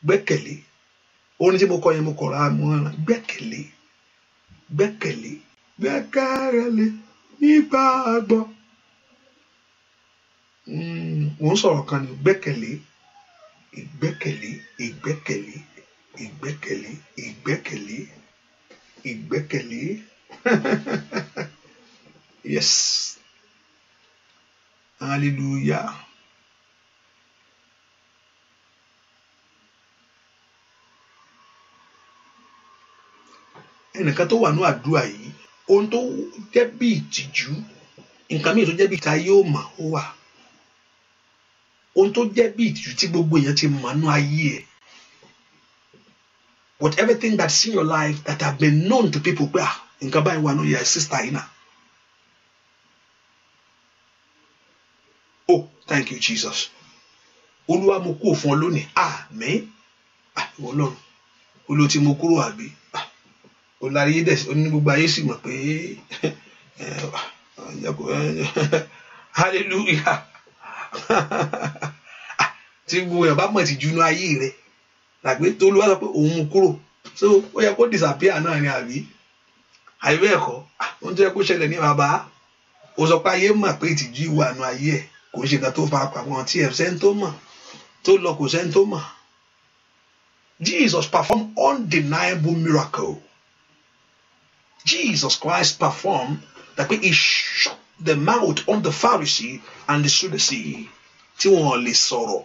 Gbẹ́kẹ̀lé. Orin tí mo kọ yẹn mo kọ̀ ra mo ń ràn. Gbẹ́kẹ̀lé. Gbẹ́kẹ̀lé. Gbẹ́kẹ̀lé onígbàgbọ́. Mo hmm, ń sọ̀rọ̀ kan ní gbẹ́kẹ̀lé. Ìgbẹ́kẹ̀lé. Ìgbẹ́kẹ̀lé. Ìgbẹ́kẹ̀lé. Ìgbẹ́kẹ̀lé ìgbẹ́kẹ̀lé yes hallelujah. ẹnìkan tó wà ní àdúrà yìí ohun tó jẹ́ bí ìtìjú nǹkan mìíràn tó jẹ́ bí ìta yóò mà ó wà ohun tó jẹ́ bí ìtìjú tí gbogbo èèyàn ti mọ̀ nú ayé ẹ̀ with everything that's in your life that have been known to people pé ah nǹkan báyìí your sister ina. oh thank you Jesus olúwa mo kú òfin lónìí àmín ah, ìwọ ọlọ́run olú ti mo kúrò àbí ah, olùdarí dẹ̀ ní gbogbo ayé sì mọ̀ pé eh, ah, eh, hallelujah tí gbogbo ẹ̀ bá mọ̀ ti junú ayé rẹ̀ làgbé tolúwa sọ pé òun mú kúrò so ó yẹ kó disappear náà ni àbí àìbẹ́ ẹ̀kọ́ ah, ohun tó yẹ kó ṣẹlẹ̀ ní bàbá ó sọ pé ayé mọ̀ pé ìtìjú ìwà nu ayé ẹ̀ kò ṣe nǹkan tó fara pamọ́ tí ẹ̀ sẹ́ni tó mọ̀ tó lọ kò sẹ́ni tó mọ̀ Jesus performed undeniable miracle Jesus Christ performed that pé he shut the mouth on the Pharisee and the Sadducee tí wọ́n lè sọ̀rọ̀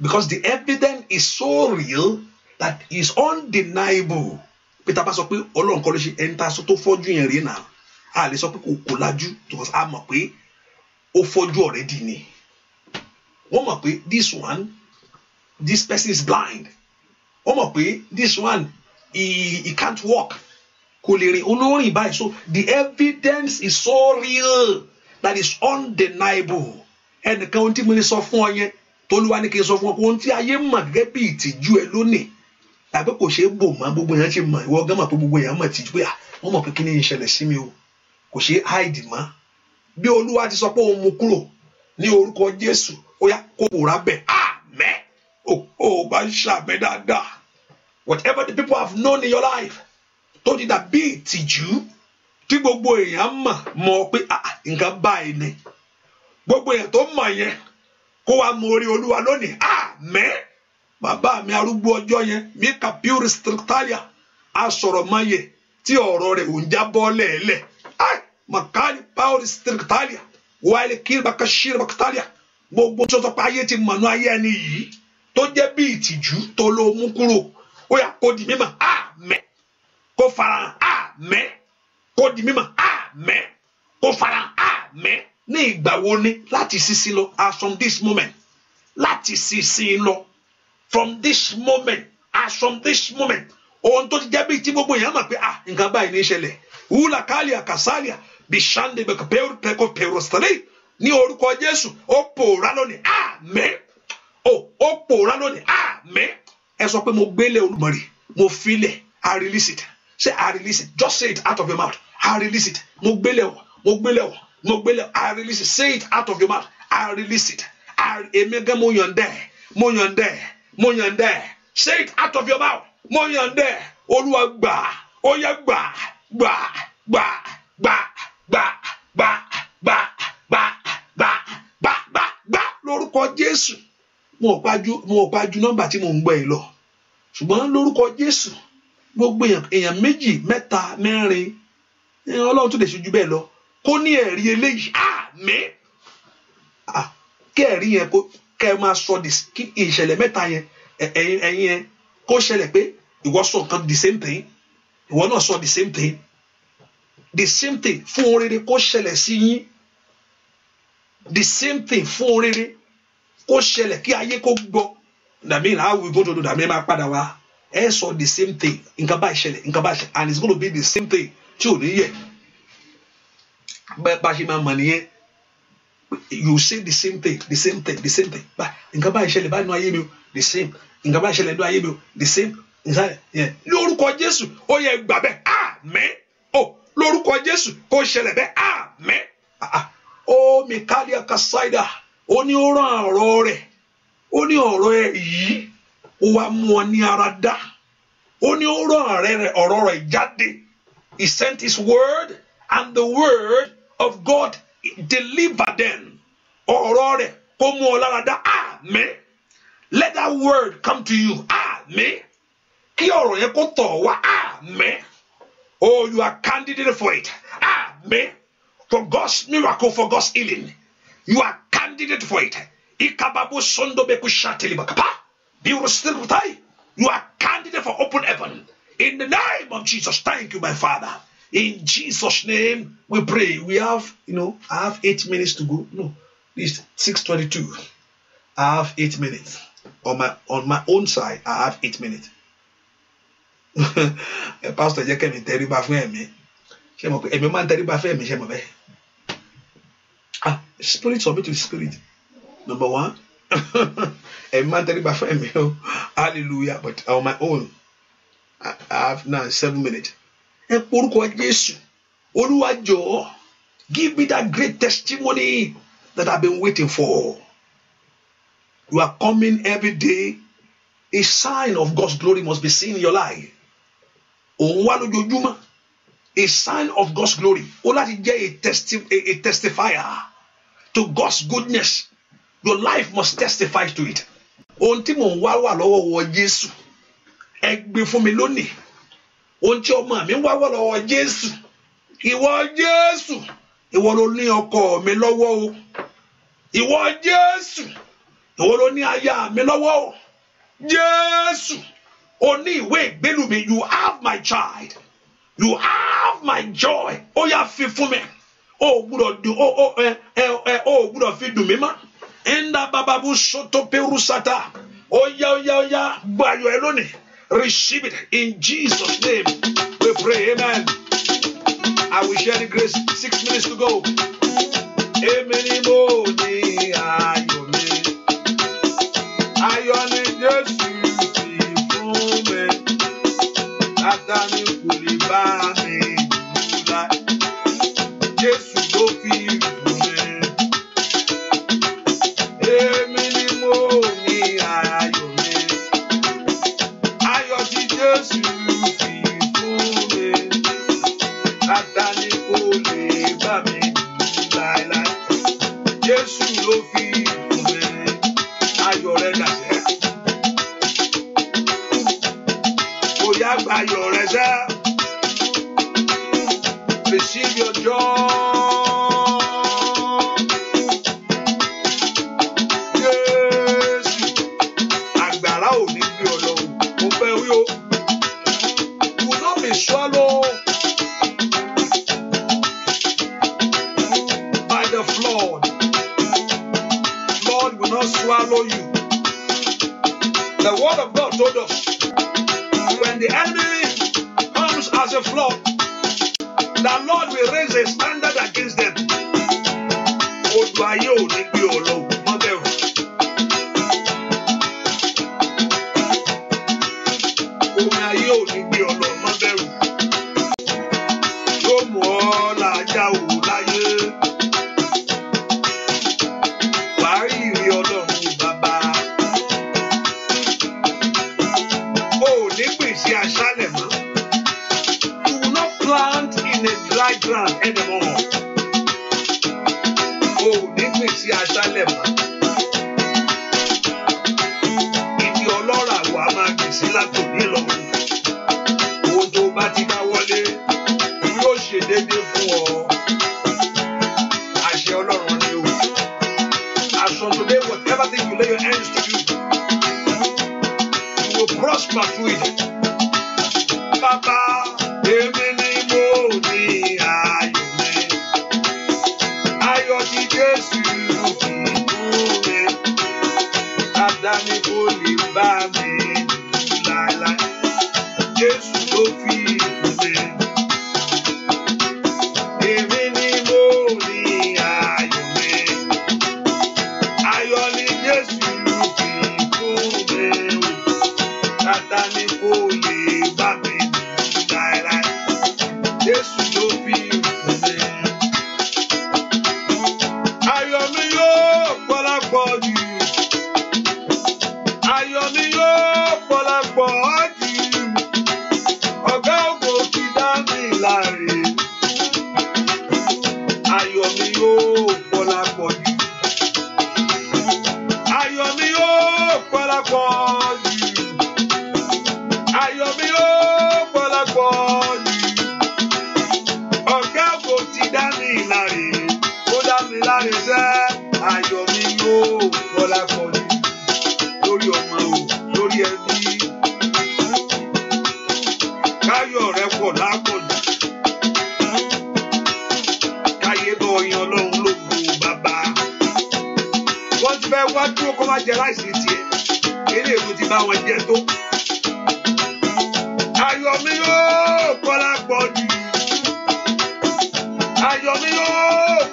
because the evidence is so real that is undeniable peter bá sọ pé ọlọ́run kọ́ ló ṣe ẹni tá a sọ tó fọ́jú yẹn rí náà a lè sọ pé kò kò lajú because a mọ̀ pé ó fọ́jú already ni wọ́n mọ̀ pé this one this person is blind wọ́n mọ̀ pé this one he he can't walk kò lè rìn olórin báyìí so the evidence is so real that is undeniable ẹnìkan ohun tí mo lè sọ fún ọ yẹn tolúwa ní kí n sọ fún ọ pé ohun tí ayé mọ̀ gẹ́gẹ́ bí ìtìjú ẹ lónìí tàbí kò ṣeé bò mọ́ gbogbo èèyàn ṣe mọ̀ ìwọ gán mọ̀ pé gbogbo èèyàn mọ̀ tìjú pé wọ́n mọ̀ pé kí ni ìṣẹ̀lẹ̀ sí mi o kò ṣeé háìdì mọ́ bí olúwa ti sọ pé òun mú kúrò ní orúkọ jésù ó yá kó pòórá bẹ̀ àmẹ́ ò ò bá ń ṣàmẹ́ dáadáa whatever the people have known in your life tó ti dàbí ìtìjú tí gbogbo èèyàn mọ̀ mọ̀ pé nǹkan báyìí ni gbogbo èèyàn tó mọ̀ yẹn kó wa mọ orí olúwa lónìí àmín bàbá mi arúgbó ọjọ́ yẹn mika pure strictalia asọ̀rọ̀máyé tí ọ̀rọ̀ rẹ̀ ò ń jábọ́ lẹ́ẹ̀lẹ̀ makali pure strictalia wàhálì kiri baka ṣírí bakitalia gbogbo tó sọ pé ayé ti mọ̀nú ayé ẹni yìí tó jẹ́ bí ìtìjú tó ló mú kúrò ó yá kó di mímọ̀ àmín kó farahàn àmín kó di mímọ̀ àmín kó farahàn àmín ní ìgbà wo ni láti sísìn lọ as from this moment láti sísìn lọ from this moment as from this moment ohun tó ti jẹ́ bí tí gbogbo èèyàn mọ̀ pé ah nǹkan báyìí ní í ṣẹlẹ̀ wúlà kálíà kàsálíà bìṣáńdé bẹ̀kọ̀ pẹ̀rù pẹ̀kọ̀ pẹ̀rù sẹ́lẹ̀ ní orúkọ jésù ó pòórá lónìí àmín ó pòórá lónìí àmín ẹ sọ pé mo gbélé olùmọ̀rì mo filẹ̀ i release it say i release it just say it out of your mouth i release it mo gbélé wọ̀ mo gbélé wọ̀ mo gbélé i release it say it out of your mouth i release it èmi gan mo yànda ẹ mo yànda ẹ mo yànda ẹ say it out of your mouth mo yànda ẹ olúwa gbà ó yẹ gbà gbà gbà gbà gbà gbà gbà gbà gbà gbà gbà gbà lórúkọ jésù mo ò pàjù mo ò pàjù nọ́mbà tí mo ń gbẹ yìí lọ ṣùgbọ́n lórúkọ jésù gbogbo èèyàn méjì mẹ́ta mẹ́rin ọlọ́run tó lè ṣojú bẹ́ẹ̀ lọ kó ní ẹ̀rí eléyìí àmì kí ẹ̀rí yẹn kẹ ẹ máa sọ kí ìṣẹ̀lẹ̀ mẹ́ta yẹn ẹ̀yìn ẹ̀yìn yẹn kó ṣẹlẹ̀ pé ìwọ sọ nǹkan the same thing ìwọ náà sọ the same thing the same thing fún oríire kó ṣẹlẹ̀ sí yín the same thing fún oríire kó ṣẹlẹ̀ kí ayé kó gbọ́ dàbí ìlà àwọn ìgbódòdó dàbí máa padà wá ẹ sọ the same thing nǹkan bá ìṣẹ̀lẹ̀ nǹkan bá ìṣẹ̀lẹ̀ and it's gonna be the same thing tí ò ní yẹ bá ṣe máa mọ̀ nìyẹn you say the same thing the same thing the same thing bá nǹkan bá ìṣẹ̀lẹ̀ bá nu ayé mi o the same nǹkan bá ìṣẹ̀lẹ̀ nu ayé mi o the same nǹkan yẹn lórúkọ Jésù ó yẹ gbà bẹ́ẹ̀ àmín o oh, lórúkọ Jésù kó ṣẹlẹ̀ bẹ́ẹ̀ àmín ah, ah. ó mi kárí aka ṣáìdà ó ní ó rán ọ̀rọ̀ rẹ̀ ó ní ọ̀rọ̀ ẹ̀ yìí ó wá mú ọ ní ara dá ó ní ó rán ọ̀rọ̀ rẹ̀ jáde he sent his word and the word of God deliver them. Ọ̀rọ̀ rẹ̀ kó mú ọ Let that word come to you àmín. Kí ọ̀rọ̀ yẹn kó tọ̀ wá àmín. Oh, you are candidate for it. Ah me. For God's miracle, for God's healing. You are candidate for it. Ikababu sondo beku shatili bakapa. Be still with I. You are candidate for open heaven. In the name of Jesus, thank you, my Father. In Jesus' name, we pray. We have, you know, I have eight minutes to go. No, it's 6:22. I have eight minutes. On my on my own side, I have eight minutes. Eh, Pastor you kẹ́mi tẹríba me ẹ̀mí. me. mo pé ẹ̀mí máa ń tẹríba fún Ah, spirit submit to spirit. Number one, a man tell me fún ẹ̀mí Hallelujah, but on my own, I have now seven minutes. ẹ porúkọ Jésù Olúwa jọ̀ọ́ give me that great testimony that I've been waiting for you are coming every day a sign of God's glory must be seen in your life òun wá lójoojúmọ́ a sign of God's glory ó láti jẹ́ a testi a, a testifier to God's goodness your life must testify to it ohun tí mò ń wá wà lọ́wọ́ wọ Jésù ẹ fún mi lónìí ohun tí ọmọ mi ń wáwọ́ lọ́wọ́ jésù ìwọ jésù ìwọ ló ní ọkọ mi lọ́wọ́ o ìwọ jésù ìwọ ló ní aya mi lọ́wọ́ o jésù o ní ìwé ìgbélú mi you have my child you have my joy ó yá fi fún mi o gbúdọ̀ dùn o o ẹ ẹ o gbúdọ̀ fi dùn mí mọ́ ẹ̀ńdà bababu sotoperu sata ó yá ó yá ó yá gbọ́ ayọ̀ ẹ lónìí. Receive it in Jesus' name. We pray, amen. I will share the grace. Six minutes to go. Amen. hoje ouvi swallow you. The word of God told us when the enemy comes as a flood, the Lord will raise a standard against them. Odò ayé ò ní gbé ọ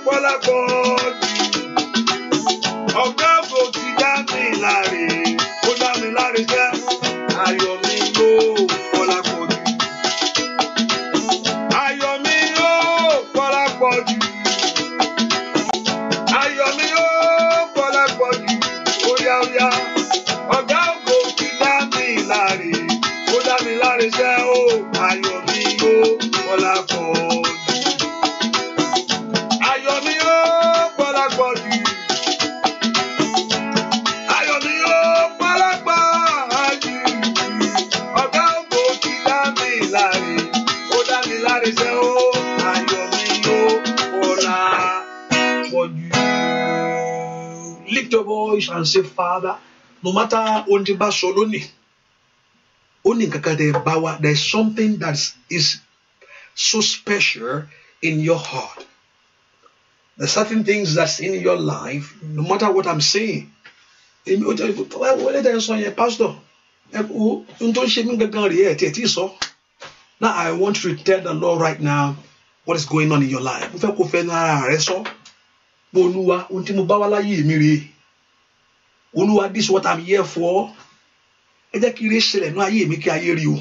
Ọ̀pọ̀lọpọ̀ ọ̀gá. Father, no matter onde bá sọ lónìí, ó there is something that is so special in your heart. There's certain things that's in your life, no matter what I'm saying. tó Now I want to tell the Lord right now what is going on in your life. olúwa this is what i'm here for ẹ jẹ́ kí ire ṣẹlẹ̀ ní ayé mi kí ayé rí o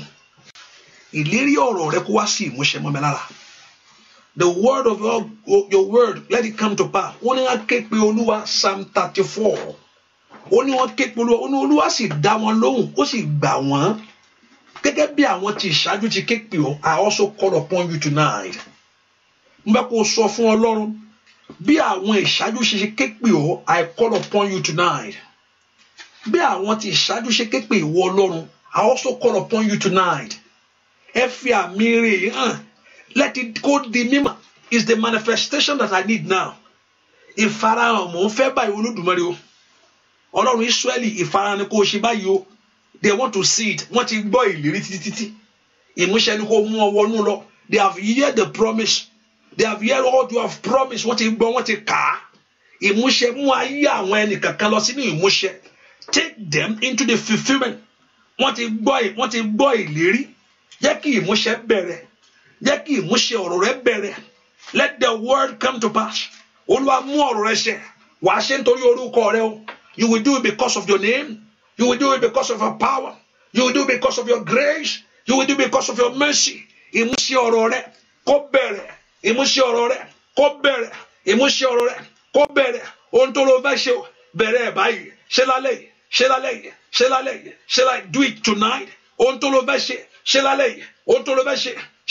ìlérí ọ̀rọ̀ rẹ kó wá sí ìmúṣẹ mọ́ lára the word of your, your word let it come to pass ó ní wọn ké pe olúwa psalm thirty four ó ní wọn ké pe olúwa ó ní olúwa sì dá wọn lóhùn ó sì gbà wọ́n gẹ́gẹ́ bí àwọn tí ìṣáájú ti ké pe ọ i also call upon you tonight n bẹ kó sọ fún ọlọ́run bí àwọn ìṣáájú ṣe ké pe ọ i call upon you tonight bí àwọn ti ṣáájú ṣe képe ìwọ ọlọ́run I also call upon you tonight ẹ fi àmì rè hàn let it go the mímọ̀ is the manifestation that I need now ìfarahàn mò ń fẹ́ báyìí olódùmarè o ọlọ́run Ísírẹ́lì ìfarahàn ni kò ṣe báyìí o they want to see it wọ́n ti gbọ́ ìlérí títítí ìmúṣẹ ni kò mú ọ wọnú lọ they have heard the promise they have heard all you have promised wọ́n ti gbọ́ wọ́n ti kà á ìmúṣẹ mú ayé àwọn ẹnì kankan lọ sínú ìmúṣẹ take them into the fulfilment wọ́n ti gbọ́ wọ́n ti gbọ́ ìlérí jẹ́ kí ìmúṣẹ bẹ̀rẹ̀ jẹ́ kí ìmúṣẹ ọ̀rọ̀ rẹ bẹ̀rẹ̀ let the word come to pass olúwa mú ọ̀rọ̀ rẹ ṣẹ wàá ṣe nítorí orúkọ rẹ o you will do it because of your name you will do it because of your power you will do it because of your grace you will do it because of your mercy ìmúṣẹ ọ̀rọ̀ rẹ kó bẹ̀rẹ̀ ìmúṣẹ ọ̀rọ̀ rẹ kó bẹ̀rẹ̀ ìmúṣẹ ọ̀rọ̀ rẹ kó bẹ̀rẹ̀ ohun tó ló fẹ́ ṣe bẹ̀rẹ̀ báyìí ṣe lálẹ́ yìí ṣe lálẹ́ yìí ṣe do it tonight ohun tó ló fẹ́ ṣe ṣe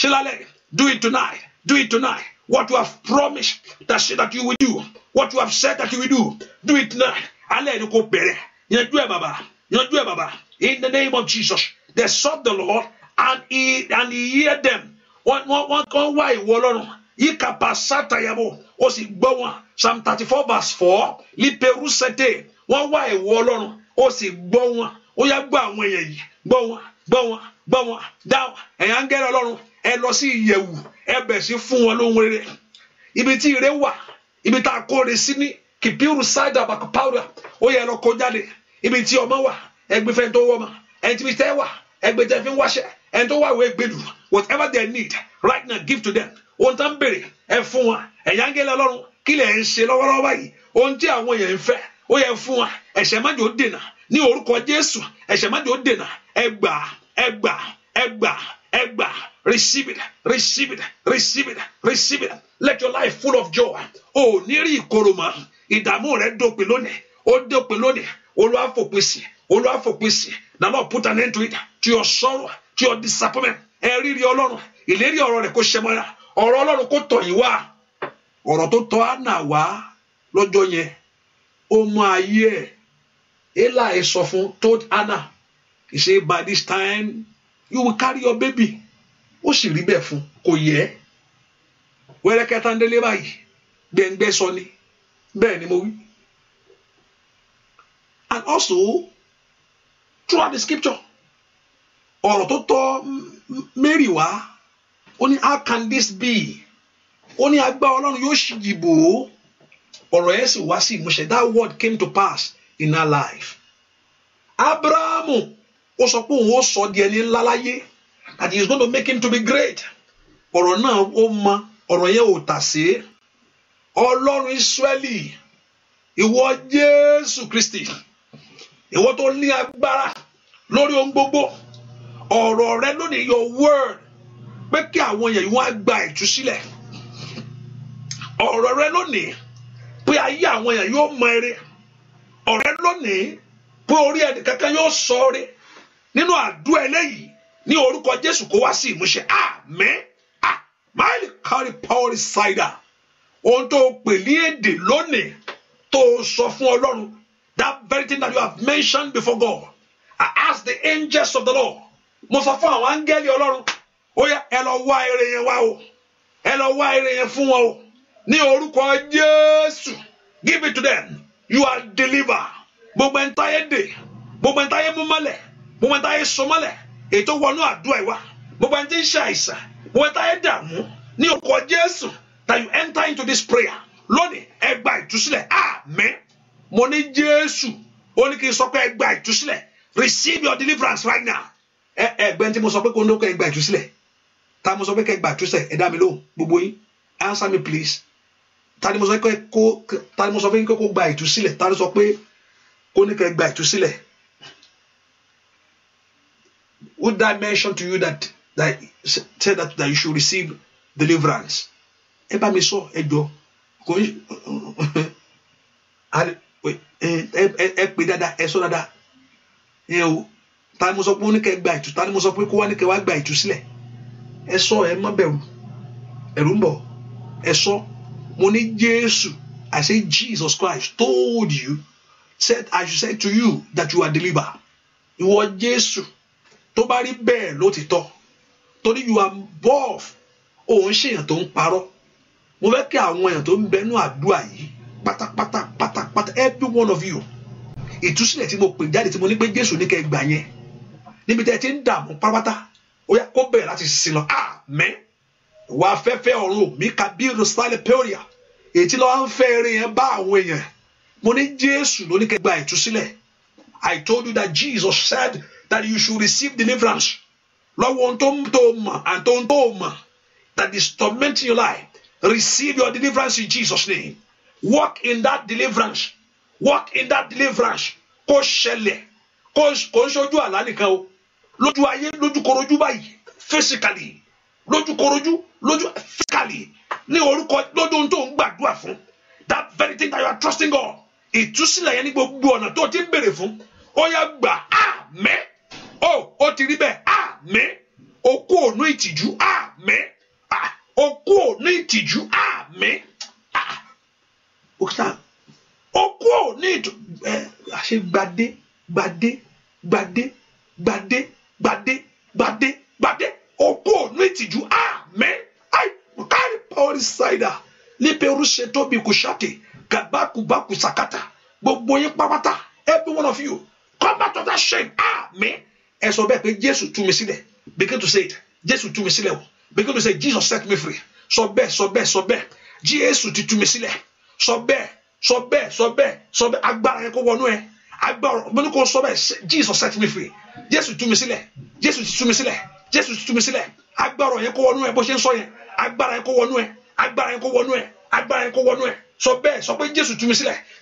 lálẹ́ yìí do it tonight do it tonight what you have promised that that you will do what you have said that you will do do it tonight. alẹ́ ni kò bẹ̀rẹ̀ e Baba. ẹ̀ bàbá yanjú ẹ̀ e in the name of Jesus they sought the Lord and he and he heard them wọn wọn wọn wá ìwọ Ọlọ́run yíkàpá sátàyàwó ó sì gbọ́ psalm thirty four verse four liperu sete wọ́n wá ìwọ ọlọ́run ó sì gbọ́ wọn ó yá gbọ́ àwọn èèyàn yìí gbọ́ wọn gbọ́ wọn gbọ́ wọn dá wọn ẹ̀yà ń gẹ́rẹ́ ọlọ́run ẹ lọ sí ìyẹ̀wù ẹ bẹ̀ sí fún wọn lóhun rere ibi tí ire wà ibi tá a kóore sí ní kìpírù ṣáìdà bàkàpáwùrà ó yẹ lọ kó jáde ibi tí ọmọ wà ẹgbẹ́ tó wọ́ ma ẹni tí ibi tẹ́ wà ẹgbẹ́ fi ń wáṣẹ́ ẹni tó wà wọ́ ẹgbẹ́lu whatever they need right now give to them ohun tó ń béèrè ẹ fún wọn ẹ̀yà ń gẹ́rẹ́ ọlọ́run kí lẹ̀ ń ṣe lọ́wọ́lọ́wọ́ báyìí ohun tí àwọn èèyàn ń fẹ́ ó yẹ fún wa ẹ̀ṣẹ̀ má jò dènà ní orúkọ Jésù ẹ̀ṣẹ̀ má jò dènà ẹgbà ẹgbà ẹgbà ẹgbà receive it receive it receive it receive it let your life full of joy o ní rí ìkorò mọ́ ìdààmú rẹ dópin lónìí ó dópin lónìí Olúwa sí Olúwa sí the Lord put an end to it to your sorrow to your disappointment ẹ rírí Ọlọ́run ìlérí ọ̀rọ̀ rẹ̀ kó ṣẹ mọ́ra ọ̀rọ̀ Ọlọ́run kó tọ̀ yín wá ọ̀rọ̀ tó tọ́ àná wá lọ́jọ́ yẹn ó mọ ayé ẹ̀ eli sọ fún told anna he say by this time you will carry your baby ó sì rí bẹ́ẹ̀ fún kò yẹ wẹ́rẹ́ kẹta ń délé báyìí gbẹ̀ngbẹ́ sọ ni bẹ́ẹ̀ ni mo wí and also throughout the scripture ọ̀rọ̀ tó tọ́ Mary wá ó ní how can this be ó ní agbá ọlọ́run yóò ṣì jìbò ó ọ̀rọ̀ yẹn sì wá sí ìmúṣẹ that word came to pass in her life abrahamu ó sọ pé òun ó sọ di ẹni ńlá láyé that he is going to make him to be great ọ̀rọ̀ náà ó mọ ọ̀rọ̀ yẹn ò tà sí ọlọ́run israẹli ìwọ jésù kristi ìwọ tó ní agbára lórí ohun gbogbo ọ̀rọ̀ rẹ lónìí your word pé kí àwọn èèyàn wọn á gba ìtúsílẹ̀ ọ̀rọ̀ rẹ lónìí pé ayé àwọn èèyàn yóò mọ eré ọ̀rẹ́ lónìí pé orí ẹnì kankan yóò sọ ọ́ rí nínú àdúrà eléyìí ní orúkọ Jésù kó wá sí ìmúṣẹ àmín àmáìlì kárí pọ́ọ̀rì ṣáìdà ohun tó pè ní èdè lónìí tó sọ fún Ọlọ́run that very thing that you have mentioned before God I ask the angels of the Lord mo sọ fún àwọn áńgẹ́lì Ọlọ́run ó yá ẹ lọ wá èrè yẹn wá o ẹ lọ wá èrè yẹn fún wọn o ní orúkọ Jésù give it to them you are deliver. gbogbo ẹni de. dè gbogbo ẹni táyé mú mọ́lẹ̀ gbogbo ẹni táyé so mọ́lẹ̀ ètò wọnú àdúrà ìwà gbogbo ẹni tí ń ṣe àìsàn gbogbo ẹni dààmú ní orúkọ Jésù that you enter into this prayer lónìí ẹ gba ìtúsílẹ̀ àmín mo ní Jésù ó ní kí n sọ pé ẹ gba receive your deliverance right now ẹ ẹ gbẹ́ni tí mo sọ pé kò ń lóko ẹ gba tá a mo sọ pé kẹ gba ìtúsílẹ̀ ẹ dá mi lóhùn gbogbo yín answer me please ta mo sọ pé kó ta mo sọ pé kó gba ìtúsílẹ̀ ta sọ pé kó ní kẹ́ gba ìtúsílẹ̀ would I mention to you that that say that that you should receive deliverance ẹ bá mi sọ ẹ jọ kò ẹ pè dáadáa ẹ sọ dáadáa ẹ o ta ni mo sọ pé ó ní kẹ́ gba ìtú ta ni mo sọ pé kó wá ní kẹ́ wá gba ìtúsílẹ̀ ẹ sọ ẹ má bẹ̀rù ẹ̀rù ń bọ̀ ẹ sọ. So, mo ní Jésù I say Jesus Christ told you said I should say to you that you are delivered ìwọ Jésù tó bá rí bẹ́ẹ̀ ló ti tọ́ torí you are above òun ṣèyàn tó ń parọ́ mo fẹ́ kí àwọn èèyàn tó ń bẹnu àdúrà yìí pátápátá pátápátá every one of you ìtúsílẹ̀ tí mo pè jáde tí mo ní pé Jésù ní kẹ́ gbà yẹn níbi tẹ́ ẹ ti ń dààmú pátápátá ó yá kó bẹ̀rẹ̀ láti sin lọ àmín. Ah, wà afẹ́fẹ́ ọ̀run mi kabiru sálẹ̀ peoria èyí lọ́wọ́ ń fẹ́ eré yẹn bá àwọn èèyàn mo ní jésù lóníkẹ́ gba ìtúsílẹ̀ I told you that Jesus said that you should receive deliverance lọ́wọ́ ohun tó ń tó mọ̀ and tó ń tó mọ̀ that is tormenting your life receive your deliverance in Jesus name walk in that deliverance walk in that deliverance kó ṣẹlẹ̀ kó ń ṣojú àlá nìkan o lójú ayé lójú korojú báyìí physically lójúkorojú lójú physically ní orúkọ lọ́dún tó ń gbàdúrà fún that very thing that you are trusting God ìtúsílẹ̀ yẹn ní gbogbo ọ̀nà tó ti ń béèrè fún ó yá gbà àmín ó ó ti rí bẹ́ẹ̀ àmín okú ònú ìtìjú àmín okú ònú ìtìjú àmín òkúta okú ònú ìtìjú ẹ àṣẹ gbadé gbadé gbadé gbadé gbadé gbadé gbadé òpó ònú ìtìjú àmín kárí pọ́ọ́rì ṣáìdà lípẹ̀rù ṣètò bí kò ṣàtẹ̀ gàgbákùbákù sàkátà gbogbo yín pápátá every one of you come back to that shame àmín ẹ sọ bẹ́ẹ̀ pé jésù tú mi sílẹ̀ begin to say it jésù tú mi sílẹ̀ o begin to say jesus set me free sọ bẹ́ẹ̀ sọ bẹ́ẹ̀ sọ bẹ́ẹ̀ jésù ti tú mi sílẹ̀ sọ bẹ́ẹ̀ sọ bẹ́ẹ̀ sọ bẹ́ẹ̀ sọ bẹ́ẹ̀ agbára yẹn kó wọnú ẹ agbára mo ní kó sọ bẹ́ẹ̀ jesus set me free jésù tú mi sílẹ̀ jésù ti tú mi sílẹ̀ jésù tú mi sílẹ̀ agbára yẹn kó wọnú ẹ bó ṣe ń sọ yẹn agbára yẹn kó wọnú ẹ agbára yẹn kó wọnú ẹ agbára yẹn kó wọnú ẹ sọ bẹ́ẹ̀ sọ pé jésù tú mi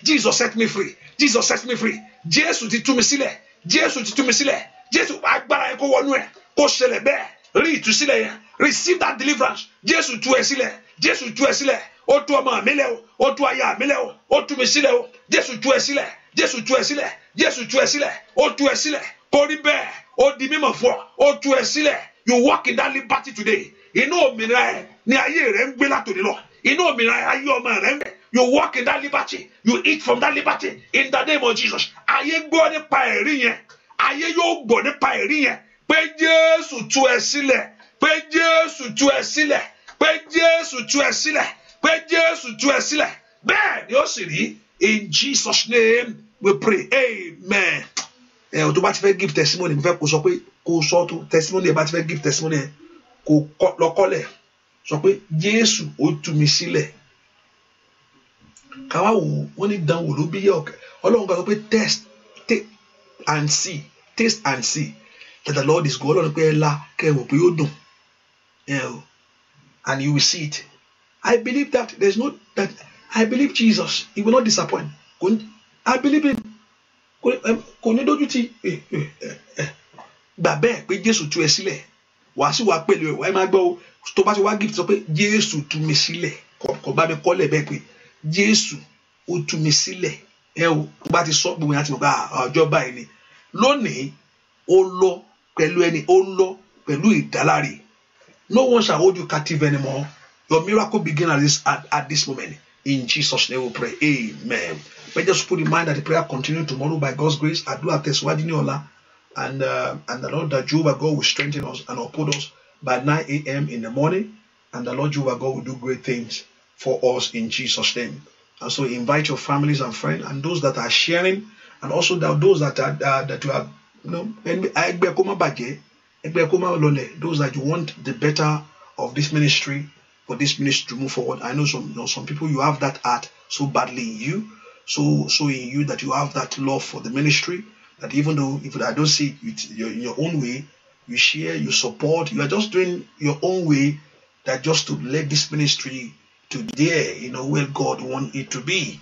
jesus set me free jesus set me free jésù ti tú mi sílẹ̀ jésù ti tú mi sílẹ̀ jésù agbára yẹn kó wọnú ẹ kó ṣẹlẹ̀ bẹ́ẹ̀ rí ìtúsílẹ̀ yẹn receive that deliverance jésù tú ẹ sílẹ̀ jésù tú ẹ sílẹ̀ ó tú ọmọ mi lẹ̀ o ó tú aya mi lẹ̀ o ó tú mi sílẹ̀ o jésù tú ẹ sílẹ̀ jésù tú ẹ sílẹ̀ jésù tú ẹ sílẹ̀ ó tu, ẹ sílẹ̀ torí bẹ́ẹ̀ ó di mímọ̀ fún ọ ó tú ẹ sílẹ̀ you walk in that liberty today inú òmìnira ẹ ní ayé rẹ ń gbé látòdì lọ inú òmìnira ayé ọmọ rẹ ń bẹ you walk in that liberty you eat from that liberty in the name of Jesus ayé gbọ́ nípa ẹ̀rí yẹn ayé yóò gbọ́ nípa ẹ̀rí yẹn pé Jésù tú ẹ sílẹ̀ pé Jésù tú ẹ sílẹ̀ pé Jésù tú ẹ sílẹ̀ pé Jésù tú ẹ sílẹ̀ bẹ́ẹ̀ ni ó sì rí in Jesus name we pray amen ẹ tó bá ti fẹ́ give testimony mo fẹ́ kó sọ pé kó sọ tó testimony ẹ bá ti fẹ́ give testimony ẹ kó lọ́kọ́lẹ̀ sọ pé Jésù ó tú mi sílẹ̀ káwá wò wọ́n ní dánwò ló bí yẹ ọ̀kẹ́ ọlọ́run kan sọ pé test take and see taste and see that the Lord is good ọlọ́run pé ẹ la kẹ́ ẹ wò pé ó dùn and you will see it I believe that there is no that I believe Jesus he will not disappoint I believe kò ní dójú ti eh, eh, eh, gbà bẹ́ẹ̀ pé jésù tú ẹ sílẹ̀ wàá sì wá pẹ̀lú ẹ̀ wàá máa gbọ́ tó bá ti wá gift sọ pé jésù tú mi sílẹ̀ kò bá mi kọ́lẹ̀ bẹ́ẹ̀ pé jésù ó tú mi sílẹ̀ ẹ o tó bá ti sọ gbogbo yẹn àti mọ̀ pé ah, ọjọ́ báyìí ni lónìí ó lọ pẹ̀lú ẹni ó lọ pẹ̀lú ìdáláre no one shall hold you captive anymore your miracle begin at this, at, at this moment In Jesus' name we pray. Amen. But just put in mind that the prayer continues tomorrow by God's grace. I do at Teswadiniola. And uh, and the Lord that Jehovah God will strengthen us and uphold us by 9 a.m. in the morning. And the Lord Jehovah God will do great things for us in Jesus' name. And so invite your families and friends and those that are sharing, and also that those that are uh, that you are you know those that you want the better of this ministry for this ministry to move forward. I know some you know, some people you have that art so badly in you, so so in you that you have that love for the ministry that even though if I don't see it in your own way, you share, you support, you are just doing your own way that just to let this ministry to there, you know, where God want it to be.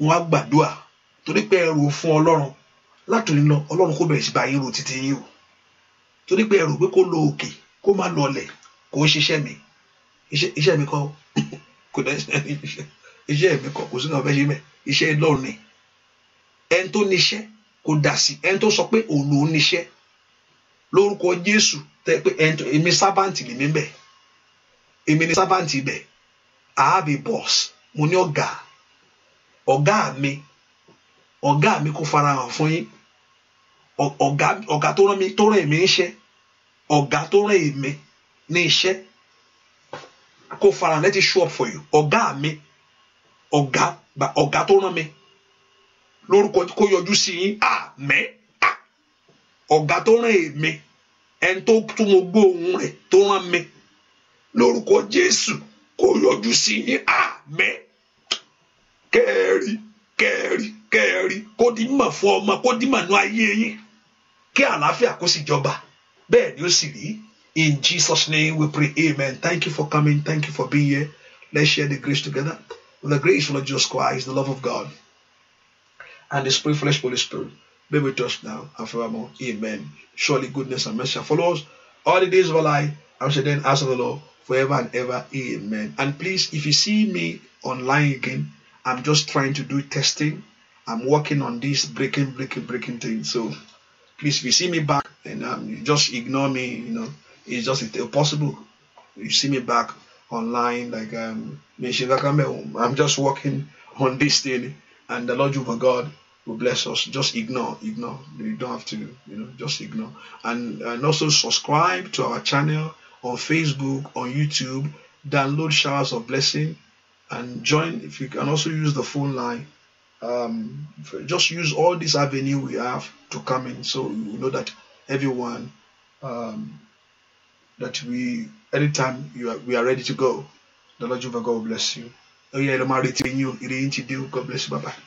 Wọ́n á gbàdúrà torí pé ẹ rò fún Ọlọ́run látòrí lọ Ọlọ́run kò bẹ̀rẹ̀ sí báyìí ro títí yín o torí pé ẹ rò pé kó lọ òkè kó má lọlẹ̀ kó ṣiṣẹ́ mi iṣẹ́ mi kọ́ kò dẹ́ iṣẹ́ mi kọ́ kò sí nǹkan fẹ́ ṣe mẹ́ iṣẹ́ Ọlọ́run ni ẹni tó níṣẹ́ kò dà sí ẹni tó sọ pé òun lòún níṣẹ́ lórúkọ Jésù tẹ́ pé èmi sábàǹtì lèmi bẹ̀ èmi ni sábàǹtì bẹ̀ I have a boss mo ní ọ̀gá ọ̀gá mi ọ̀gá mi kò farahàn fún yín ọ̀gá tó rán mi tó rán èmi níṣẹ́ ọ̀gá tó rán èmi ní iṣẹ́ kó fara let it show up for you ọ̀gá mi ọ̀gá ọ̀gá tó rán mi lórúkọ kó yọjú sí yín Ah ọ̀gá tó rán èmi ẹni tó tún mo gbọ́ ohùn rẹ̀ tó rán mi lórúkọ Jésù kó yọjú sí yín àmín kẹ́ẹ̀rí kẹ́ẹ̀rí kẹ́ẹ̀rí kó di mọ̀ fún ọmọ kó di mọ̀ nú ayé yín kí àlàáfíà kó sì jọba bẹ́ẹ̀ ni ó sì rí. In Jesus' name we pray, Amen. Thank you for coming. Thank you for being here. Let's share the grace together. With the grace of Lord Jesus Christ, the love of God, and the Spirit, flesh, Holy Spirit, be with us now and forevermore. Amen. Surely goodness and mercy follow us all the days of our life, and shall then ask of the Lord forever and ever. Amen. And please, if you see me online again, I'm just trying to do testing. I'm working on this breaking, breaking, breaking thing. So please, if you see me back, and um, just ignore me, you know it's just impossible. You see me back online, like um, I'm just working on this thing, and the Lord Jehovah God will bless us. Just ignore, ignore. You don't have to, you know, just ignore. And, and also subscribe to our channel on Facebook, on YouTube. Download Showers of Blessing and join. If you can also use the phone line, um, just use all this avenue we have to come in, so you know that everyone um, that we anytime you are, we are ready to go the lord jehovah god will bless you oh yeah ẹ lọ máa retí yín o ire god bless you bye bye.